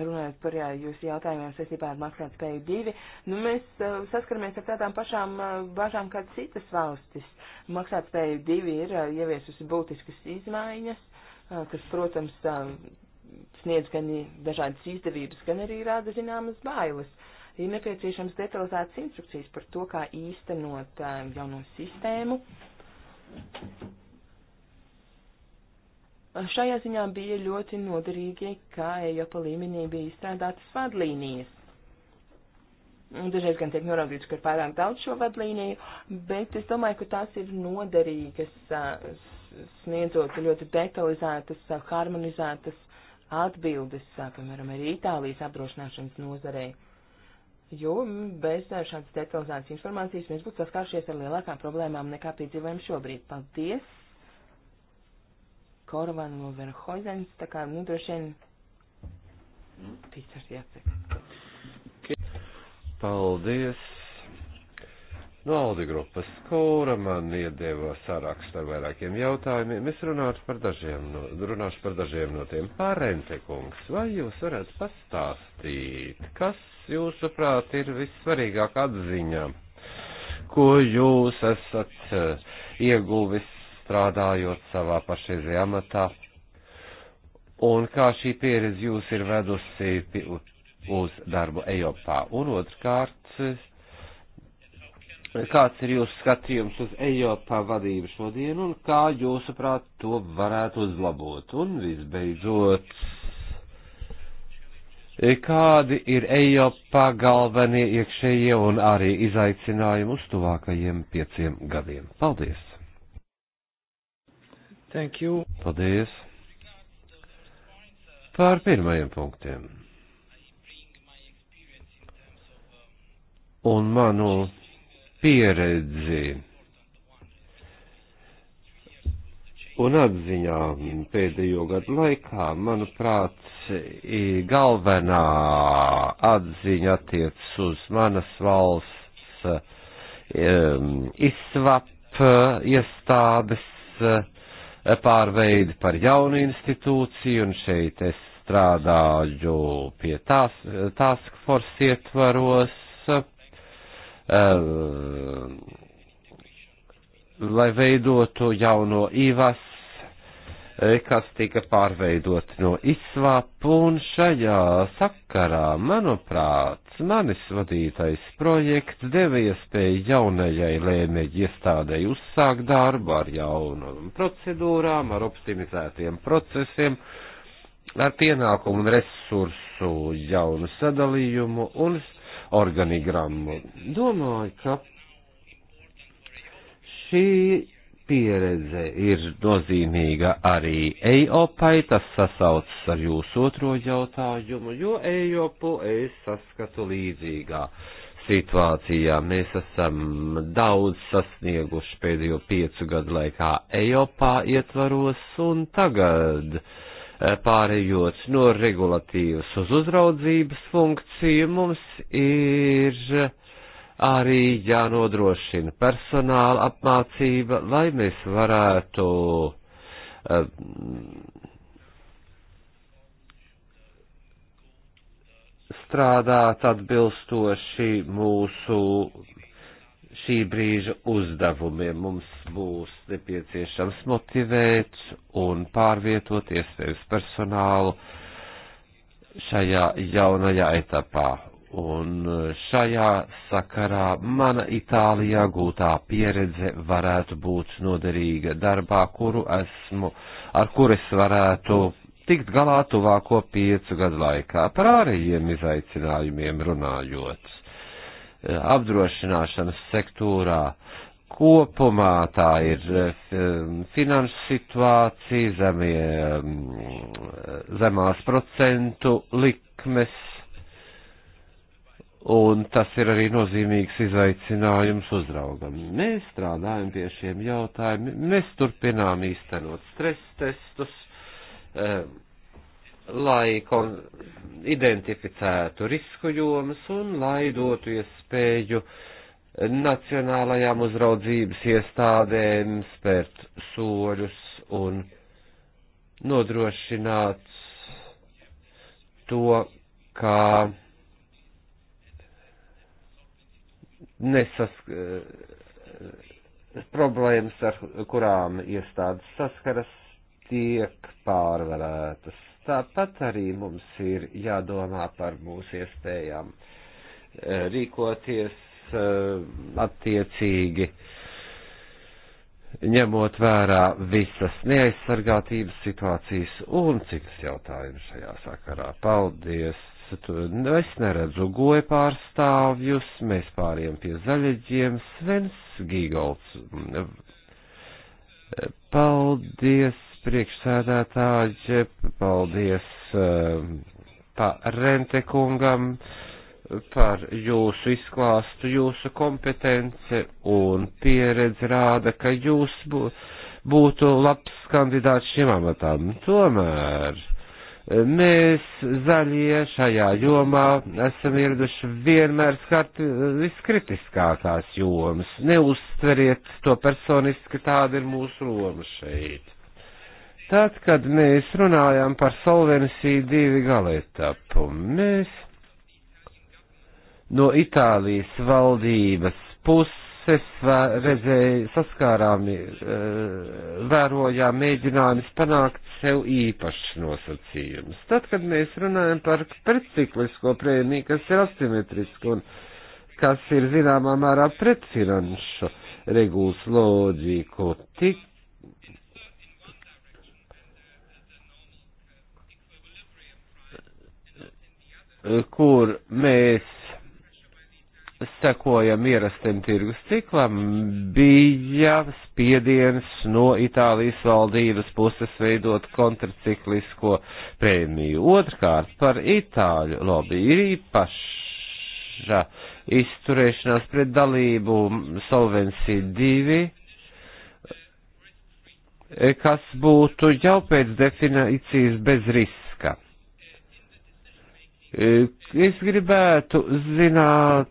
Runājot par jā, jūsu jautājumiem saistībā ar maksātspēju divi, nu mēs uh, saskaramies ar tādām pašām uh, bažām kā citas valstis. Maksātspēju divi ir uh, ieviesusi būtiskas izmaiņas, uh, kas, protams, uh, sniedz gan dažādas izdevības, gan arī rāda zināmas bailes. Ir nepieciešams detalizētas instrukcijas par to, kā īstenot eh, jauno sistēmu. Šajā ziņā bija ļoti noderīgi, ka Eiropa līmenī bija izstrādātas vadlīnijas. Dažreiz gan tiek norādīts, ka ir pārāk daudz šo vadlīniju, bet es domāju, ka tās ir noderīgas eh, sniedzot ļoti detalizētas, eh, harmonizētas atbildes, piemēram, arī Itālijas apdrošināšanas nozarei. Jo bez šādas detalizētas informācijas mēs būtu saskāršies ar lielākām problēmām nekā piedzīvojam šobrīd. Paldies! Korvanu Verhoizens, tā kā, nu, droši vien, mm. Pīters jāsaka. Paldies! no Aldi grupas, kura man iedeva sarakstu ar vairākiem jautājumiem. Es runāšu par dažiem no, runāšu par dažiem no tiem. Pārente kungs, vai jūs varētu pastāstīt, kas jūsuprāt ir vissvarīgāk atziņā, ko jūs esat eh, ieguvis strādājot savā pašreizajā amatā? un kā šī pieredze jūs ir vedusi uz darbu Eiropā. Un otrkārt, Kāds ir jūsu skatījums uz Ejopā vadību šodien un kā jūsuprāt to varētu uzlabot? Un visbeidzot, kādi ir Ejopā galvenie iekšējie un arī izaicinājumi uz tuvākajiem pieciem gadiem? Paldies! Thank you. Paldies! Pār pirmajiem punktiem. Un manu pieredzi un atziņām pēdējo gadu laikā, manuprāt, galvenā atziņa attiec uz manas valsts um, izsvap iestādes pārveidi par jaunu institūciju, un šeit es strādāju pie tās, tās force ietvaros, um, lai veidotu jauno IVAS, eh, kas tika pārveidot no ISVAP, un šajā sakarā, manuprāt, manis vadītais projekts deva iespēju jaunajai lēmēji iestādēji uzsākt darbu ar jaunām procedūrām, ar optimizētiem procesiem, ar pienākumu un resursu jaunu sadalījumu un organigrammu. Domāju, ka šī pieredze ir nozīmīga arī Eiropai, tas sasaucas ar jūsu otro jautājumu, jo Eiropu es saskatu līdzīgā situācijā. Mēs esam daudz sasnieguši pēdējo piecu gadu laikā Eiropā ietvaros un tagad. Uh, Eh, pārējot no regulatīvas uz uzraudzības funkciju, mums ir eh, arī jānodrošina personāla apmācība, lai mēs varētu eh, strādāt atbilstoši mūsu šī brīža uzdevumiem. Mums būs nepieciešams motivēt un pārvietot iespējas personālu šajā jaunajā etapā. Un šajā sakarā mana Itālijā gūtā pieredze varētu būt noderīga darbā, kuru esmu, ar kur es varētu tikt galā tuvāko piecu gadu laikā. Par ārējiem izaicinājumiem runājot apdrošināšanas sektorā. Kopumā tā ir eh, finanšu situācija, zemie, eh, zemās procentu likmes, un tas ir arī nozīmīgs izaicinājums uzraugam. Mēs strādājam pie šiem jautājumiem, mēs turpinām īstenot stres testus, um, lai kon identificētu risku jomas un lai dotu iespēju nacionālajām uzraudzības iestādēm spērt soļus un nodrošināt to, kā nesask problēmas, ar kurām iestādes saskaras, tiek pārvarētas Tāpat arī mums ir jādomā par mūsu iespējām eh, rīkoties eh, attiecīgi, ņemot vērā visas neaizsargātības situācijas un citas jautājumas šajā sakarā. Paldies! Nu, es neredzu goja pārstāvjus, mēs pāriem pie zaļaģiem. Svens Gīgolds. Paldies! priekšsēdētāji, paldies eh, pa rentekungam par jūsu izklāstu, jūsu kompetence un pieredze rāda, ka jūs būtu labs kandidāts šim amatam. Tomēr eh, mēs zaļie šajā jomā esam ieraduši vienmēr skart eh, viskritiskākās jomas. Neuztveriet to personiski, tāda ir mūsu loma šeit. Tad, kad mēs runājām par Solvency divi galētapu, mēs no Itālijas valdības puses redzēju, saskārām, e, vērojām mēģinājumus panākt sev īpašs nosacījums. Tad, kad mēs runājam par pretciklisko prēmiju, kas ir asimetriska un kas ir zināmā mērā pretfinanšu regulas loģiku, tik kur mēs sekojam ierastiem tirgus ciklam, bija spiediens no Itālijas valdības puses veidot kontraciklisko prēmiju. Otrkārt, par Itāļu lobby ir īpaša izturēšanās pret dalību Solvency 2 kas būtu jau pēc definīcijas bez risks Eh, es gribētu zināt,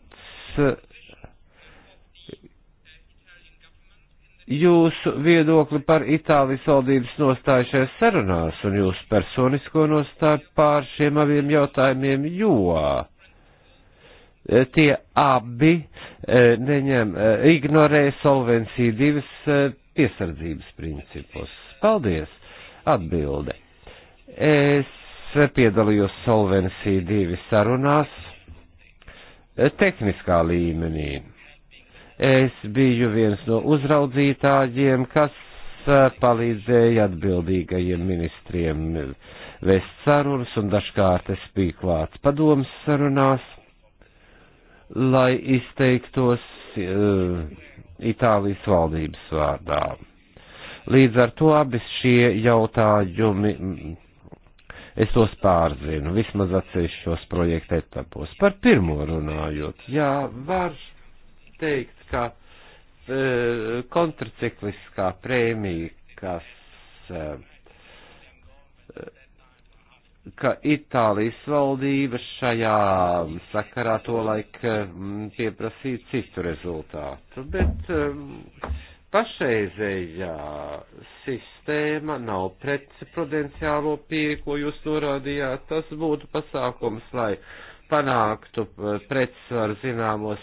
jūsu viedokli par Itālijas valdības nostāju šajās sarunās un jūsu personisko nostāju pār šiem abiem jautājumiem, jo eh, tie abi eh, neņem, ignorē solvencija divas piesardzības principus. Paldies! Atbilde. Es piedalījos Solvency divi sarunās eh, tehniskā līmenī. Es biju viens no uzraudzītājiem, kas eh, palīdzēja atbildīgajiem ministriem eh, vest sarunas, un dažkārt es biju klāts padomas sarunās, lai izteiktos uh, Itālijas valdības vārdā. Līdz ar to abas šie jautājumi es tos pārzinu, vismaz atsevišķos projekta etapos. Par pirmo runājot, jā, var teikt, ka e, kontracikliskā prēmija, kas, e, ka Itālijas valdība šajā sakarā to laik pieprasīja citu rezultātu, bet e, pašreizējā sistēma nav preciprodenciālo pieeja, ko jūs norādījāt. Tas būtu pasākums, lai panāktu pretsvaru zināmos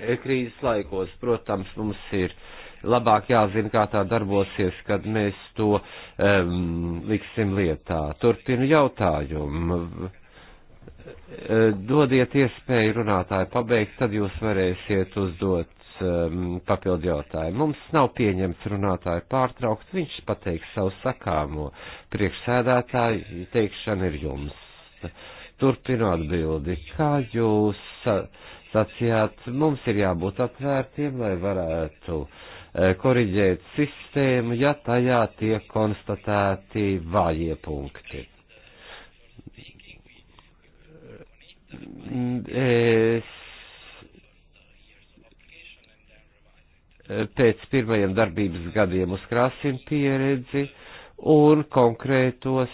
e, krīzes laikos. Protams, mums ir labāk jāzina, kā tā darbosies, kad mēs to um, liksim lietā. Turpinu jautājumu e, dodiet iespēju runātāju pabeigt, tad jūs varēsiet uzdot um, papildu jautājumu. Mums nav pieņemts runātāju pārtraukt, viņš pateiks savu sakāmo. Priekšsēdētāju teikšana ir jums. Turpinu atbildi. Kā jūs sacījāt, mums ir jābūt atvērtiem, lai varētu uh, koriģēt sistēmu, ja tajā tiek konstatēti vājie punkti. Es pēc pirmajiem darbības gadiem uzkrāsim pieredzi un konkrētos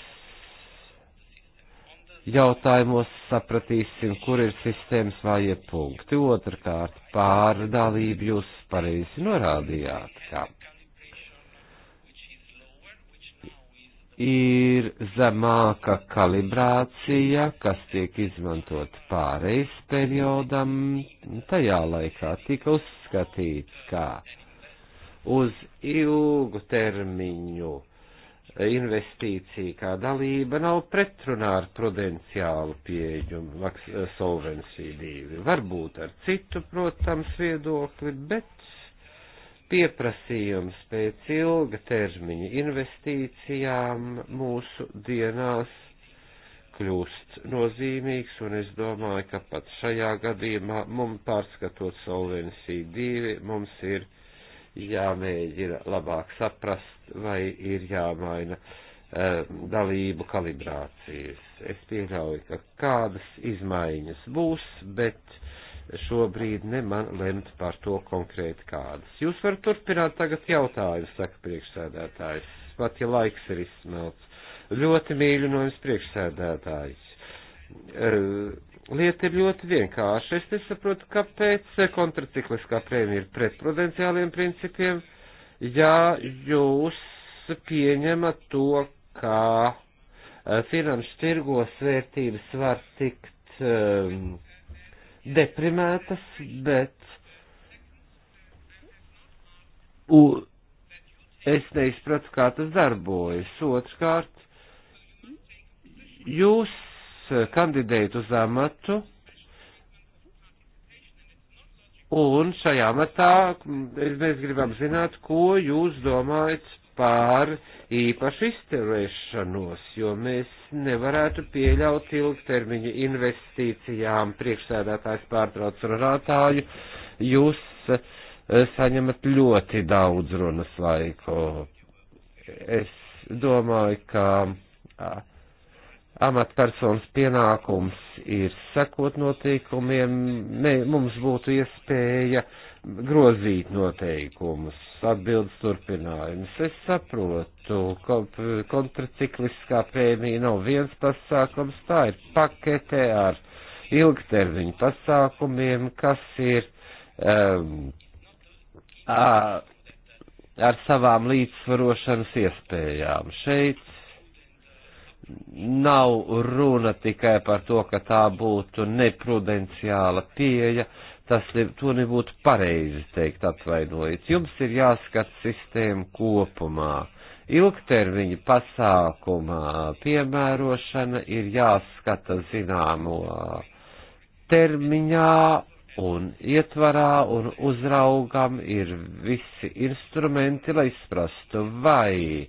jautājumos sapratīsim, kur ir sistēmas vājie punkti. Otrakārt, pārdalību jūs pareizi norādījāt, ka ir zemāka kalibrācija, kas tiek izmantot pārejas periodam. Tajā laikā tika uzskatīts, ka uz ilgu termiņu investīcija kā dalība nav pretrunā ar prudenciālu pieeju solvency divi. Varbūt ar citu, protams, viedokli, bet pieprasījums pēc ilga termiņa investīcijām mūsu dienās kļūst nozīmīgs, un es domāju, ka pat šajā gadījumā mums pārskatot Solvency 2 mums ir jāmēģina labāk saprast, vai ir jāmaina uh, dalību kalibrācijas. Es pieļauju, ka kādas izmaiņas būs, bet šobrīd ne man lemt par to konkrēti kādas. Jūs varat turpināt tagad jautājumu, saka priekšsēdētājs, pat ja laiks ir izsmelts. Ļoti mīļu no jums priekšsēdētājs. E, lieta ir ļoti vienkārša. Es nesaprotu, kāpēc kontracikliskā prēmija ir pret prudenciāliem principiem, ja jūs pieņemat to, kā e, finanšu tirgos vērtības var tikt um, deprimētas, bet u, es neizpratu, kā tas darbojas. Otrkārt, jūs kandidējat uz amatu, un šajā amatā mēs gribam zināt, ko jūs domājat pār īpašu izturēšanos, jo mēs nevarētu pieļaut ilgtermiņa investīcijām priekšsēdētājs pārtrauc runātāju. Jūs eh, saņemat ļoti daudz runas laiku. Es domāju, ka amatpersonas pienākums ir sekot noteikumiem. Mums būtu iespēja uh, grozīt noteikumus, atbildes turpinājumus. Es saprotu, kontracikliskā prēmija nav viens pasākums, tā ir paketē ar ilgtermiņu pasākumiem, kas ir um, a, ar savām līdzsvarošanas iespējām. Šeit nav runa tikai par to, ka tā būtu neprudenciāla pieeja, uh, Tas to nebūtu pareizi teikt atvainojiet. Jums ir jāskat sistēma kopumā. Ilgtermiņa pasākumā piemērošana ir jāskata zināmo termiņā un ietvarā un uzraugam ir visi instrumenti, lai izprastu, vai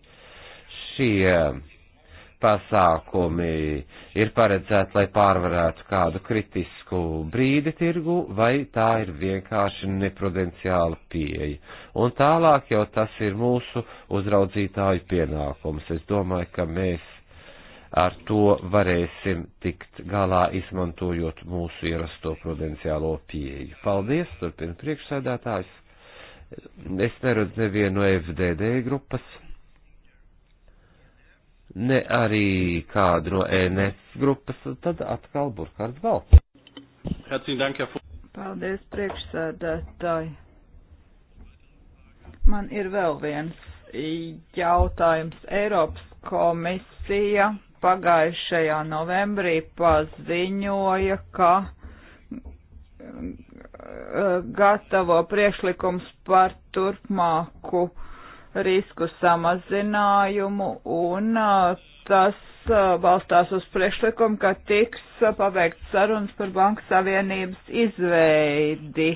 šie pasākumi ir paredzēti, lai pārvarētu kādu kritisku brīdi tirgu, vai tā ir vienkārši neprudenciāla pieeja. Un tālāk jau tas ir mūsu uzraudzītāju pienākums. Es domāju, ka mēs ar to varēsim tikt galā, izmantojot mūsu ierasto prudenciālo pieeju. Paldies, turpina priekšsēdētājs. Es neredzu nevienu FDD grupas ne arī kādu no ENF grupas, tad atkal Burkhards Valts. Paldies, priekšsēdētāji. Man ir vēl viens jautājums. Eiropas komisija pagājušajā novembrī paziņoja, ka eh, gatavo priekšlikums par turpmāku uh, risku samazinājumu un uh, tas uh, balstās uz priekšlikumu, ka tiks uh, pabeigts sarunas par Banku Savienības izveidi.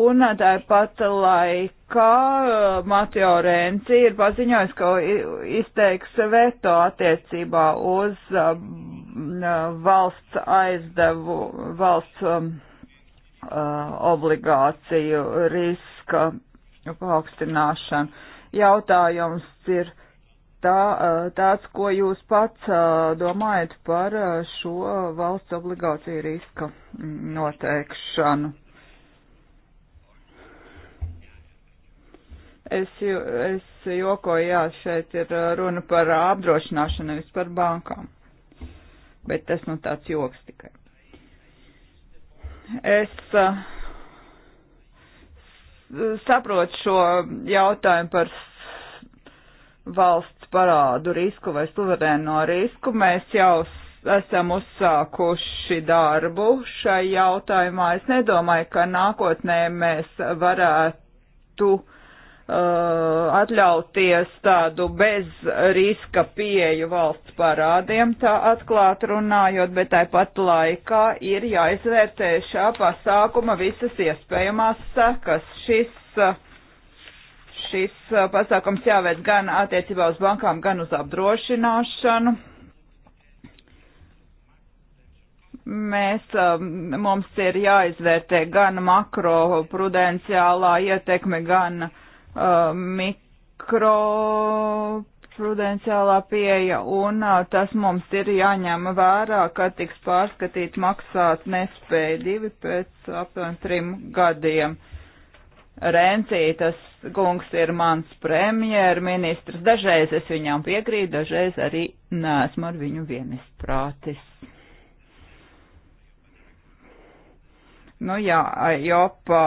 Un tāpat laikā Mateo Renci ir paziņojis, ka izteiks veto attiecībā uz valsts aizdevu, valsts um, obligāciju riska paaugstināšanu. Jautājums ir tā, eh, tāds, ko jūs pats eh, domājat par eh, šo valsts obligāciju riska mm, noteikšanu. Es, es jokoju, jā, šeit ir runa par apdrošināšanu, nevis par bankām. Bet tas nu tāds joks tikai. Es uh, saprot šo jautājumu par valsts parādu risku vai suverēno risku. Mēs jau esam uzsākuši darbu šai jautājumā. Es nedomāju, ka nākotnē mēs varētu uh, Uh, atļauties tādu bez riska pieeju valsts parādiem, tā atklāt runājot, bet tāpat laikā ir jāizvērtē šā pasākuma visas iespējamās sekas. Šis, uh, šis uh, pasākums jāveic gan attiecībā uz bankām, gan uz apdrošināšanu. mēs, um, mums ir jāizvērtē gan makroprudenciālā ietekme, gan uh, uh, mikro prudenciālā pieeja, un uh, tas mums ir jāņem vērā, kad tiks pārskatīt maksāt nespēju divi pēc aptuveni trim gadiem. Rencī, tas kungs ir mans premjerministrs, dažreiz es viņam piekrītu, dažreiz arī nesmu ar viņu vienisprātis. Nu jā, Jopa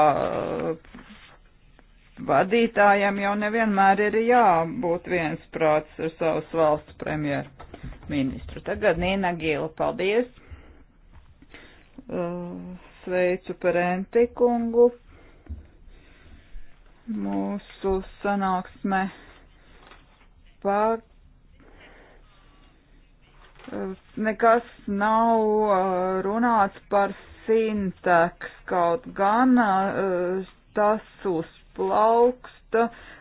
vadītājiem jau nevienmēr ir jābūt viensprāts ar savas valsts premjeru ministru. Tagad Nīna Gīla, paldies! Uh, sveicu par Entikungu. Mūsu sanāksme pār uh, nekas nav uh, runāts par sinteks, kaut gan tas uz plaukst.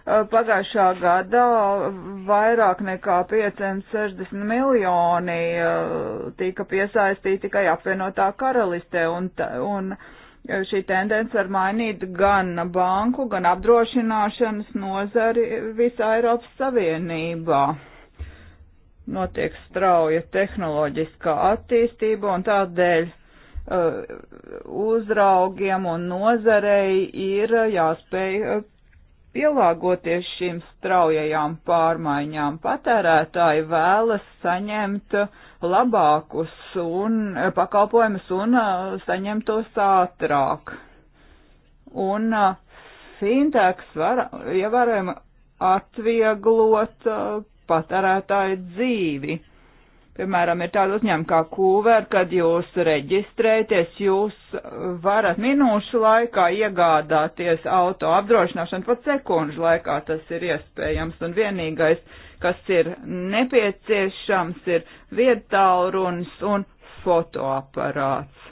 Eh, pagājušā gadā vairāk nekā 560 miljoni eh, tika piesaistīti tikai apvienotā karalistē, un, un eh, šī tendence var mainīt gan banku, gan apdrošināšanas nozari visā Eiropas Savienībā notiek strauja tehnoloģiskā attīstība, un tādēļ Uh, uzraugiem un nozarei ir jāspēj uh, pielāgoties šīm straujajām pārmaiņām. Patērētāji vēlas saņemt labākus un uh, pakalpojumus un saņemt tos ātrāk. Un fintechs var ievērojami ja atvieglot patērētāju dzīvi Piemēram, ir tāda uzņēmuma kā Kūver, kad jūs reģistrēties, jūs varat minūšu laikā iegādāties auto apdrošināšanu, pat sekundžu laikā tas ir iespējams. Un vienīgais, kas ir nepieciešams, ir viedtālrunis un fotoaparāts.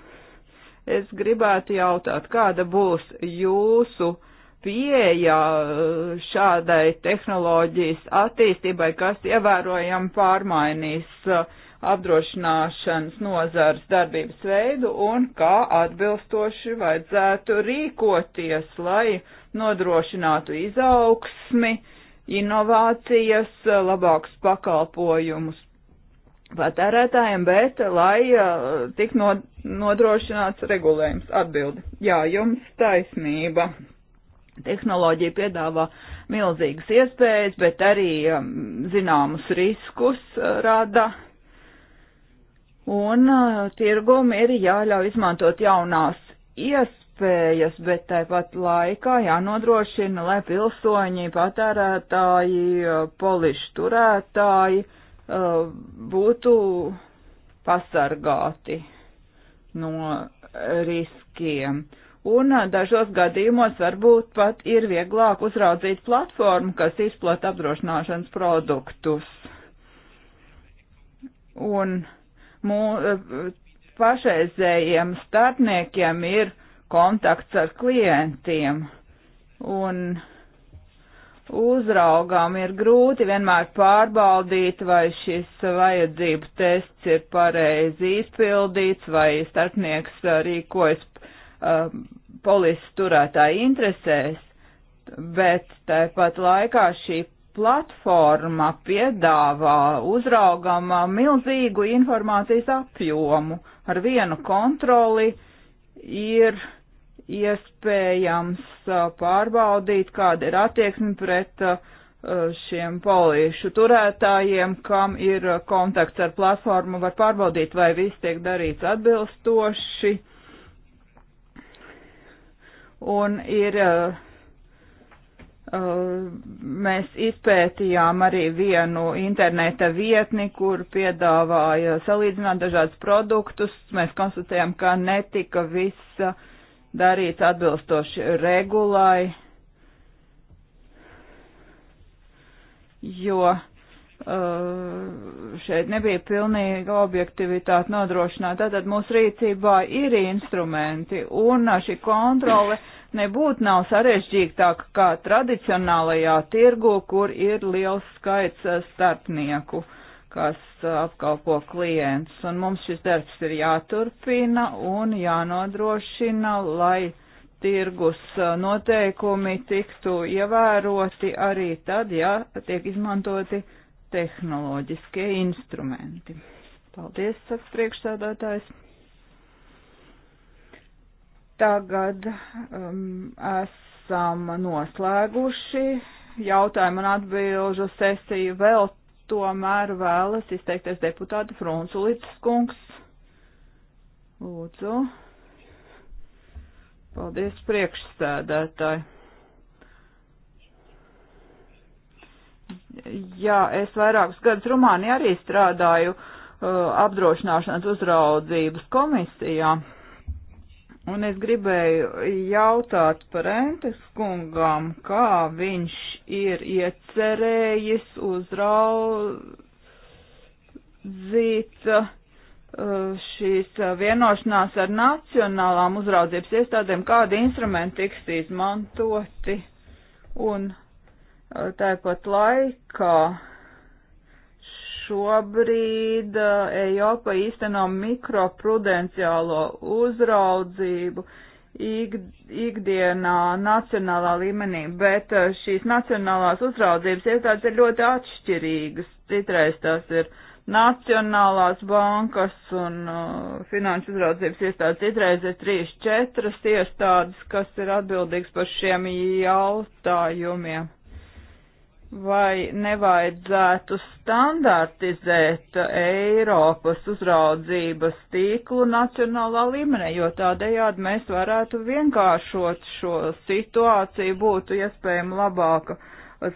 Es gribētu jautāt, kāda būs jūsu pieeja eh, šādai tehnoloģijas attīstībai, kas ievērojami pārmainīs eh, apdrošināšanas nozars darbības veidu un kā atbilstoši vajadzētu rīkoties, lai nodrošinātu izaugsmi, inovācijas, eh, labākus pakalpojumus patērētājiem, bet lai tik nodrošināts regulējums atbildi. Jā, jums taisnība. Tehnoloģija piedāvā milzīgas iespējas, bet arī um, zināmus riskus uh, rada. Un uh, tirgum ir jāļauj izmantot jaunās iespējas, bet tāpat laikā jānodrošina, lai pilsoņi, patērētāji, uh, polišu turētāji būtu pasargāti no riskiem. Uh, un dažos gadījumos varbūt pat ir vieglāk uzraudzīt platformu, kas izplata apdrošināšanas produktus. Un mū, pašreizējiem starpniekiem ir kontakts ar klientiem, un uzraugām ir grūti vienmēr pārbaudīt, vai šis vajadzību tests ir pareizi izpildīts, vai starpnieks rīkojas uh, polis turētāji interesēs, bet tāpat laikā šī platforma piedāvā uzraugam milzīgu informācijas apjomu. Ar vienu kontroli ir iespējams uh, pārbaudīt, kāda ir attieksme pret uh, šiem polīšu turētājiem, kam ir uh, kontakts ar platformu, var pārbaudīt, vai viss tiek darīts atbilstoši un ir, eh, eh, mēs izpētījām arī vienu interneta vietni, kur piedāvāja salīdzināt dažādus produktus. Mēs konstatējām, ka netika viss darīts atbilstoši regulai, jo uh, Uh, šeit nebija pilnīga objektivitāte nodrošināta. Tātad mūsu rīcībā ir instrumenti un šī kontrole nebūtu nav sarežģītāka kā tradicionālajā tirgu, kur ir liels skaits uh, starpnieku, kas uh, apkalpo klients. Un mums šis darbs ir jāturpina un jānodrošina, lai tirgus noteikumi tiktu ievēroti arī tad, ja tiek izmantoti uh, tehnoloģiskie instrumenti. Paldies, saka priekšsēdētājs. Tagad um, esam noslēguši jautājumu un atbilžu sesiju. Vēl tomēr vēlas izteikties deputāta Frunzulītas kungs. Lūdzu. Paldies, priekšsēdētāji. Jā, es vairākus gadus Rumānijā arī strādāju uh, apdrošināšanas uzraudzības komisijā. Un es gribēju jautāt par Entes kungām, kā viņš ir iecerējis uzraudzīt uh, šīs vienošanās ar nacionālām uzraudzības iestādēm, kādi instrumenti tiks izmantoti un Tāpat laikā šobrīd Eiropa īsteno mikroprudenciālo uzraudzību ik, ikdienā nacionālā līmenī, bet šīs nacionālās uzraudzības iestādes ir ļoti atšķirīgas. Citreiz tās ir nacionālās bankas un uh, finanšu uzraudzības iestādes, citreiz ir trīs, četras iestādes, kas ir atbildīgas par šiem jautājumiem vai nevajadzētu standartizēt Eiropas uzraudzības tīklu nacionālā līmenī, jo tādējādi mēs varētu vienkāršot šo situāciju, būtu iespējama labāka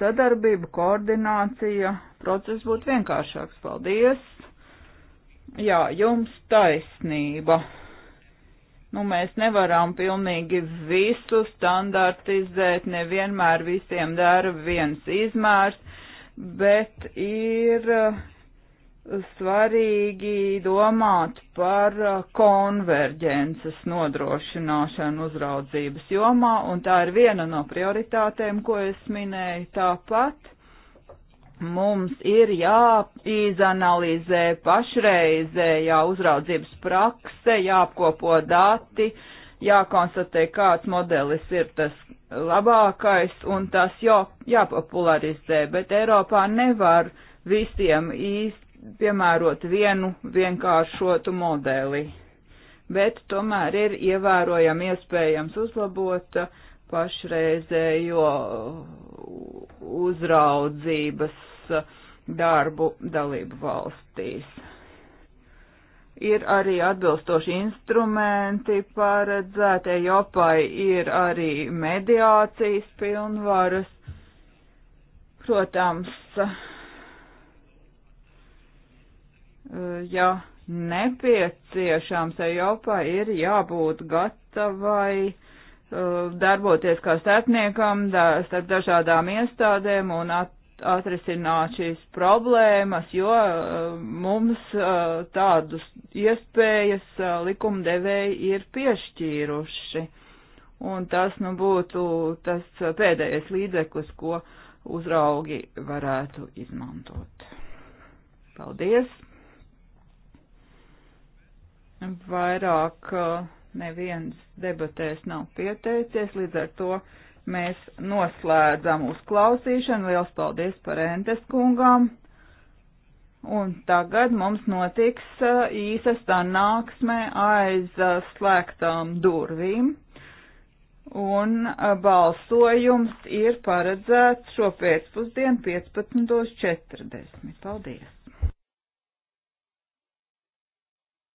sadarbība, koordinācija, process būtu vienkāršāks. Paldies! Jā, jums taisnība. Nu, mēs nevaram pilnīgi visu standartizēt, nevienmēr visiem dara viens izmērs, bet ir eh, svarīgi domāt par eh, konverģences nodrošināšanu uzraudzības jomā, un tā ir viena no prioritātēm, ko es minēju tāpat mums ir jāizanalizē pašreizējā uzraudzības prakse, jāapkopo dati, jākonstatē, kāds modelis ir tas labākais, un tas jau jāpopularizē, bet Eiropā nevar visiem īsti piemērot vienu vienkāršotu modeli. Bet tomēr ir ievērojami iespējams uzlabot uh, pašreizējo uh, uzraudzības uh, darbu dalību valstīs. Ir arī atbilstoši instrumenti paredzēti, jopai ir arī mediācijas pilnvaras. Protams, uh, ja nepieciešams, Eiropā ir jābūt gatavai Uh, darboties kā starpniekam da, starp dažādām iestādēm un at, atrisināt šīs problēmas, jo uh, mums uh, tādus iespējas uh, likumdevēji ir piešķīruši. Un tas, nu, būtu tas pēdējais līdzeklis, ko uzraugi varētu izmantot. Paldies! Vairāk uh, neviens debatēs nav pieteicies, līdz ar to mēs noslēdzam uzklausīšanu. Liels paldies par Entes kungām! Un tagad mums notiks uh, īsa sanāksme aiz uh, slēgtām durvīm. Un uh, balsojums ir paredzēts šo pēcpusdienu 15.40. Paldies!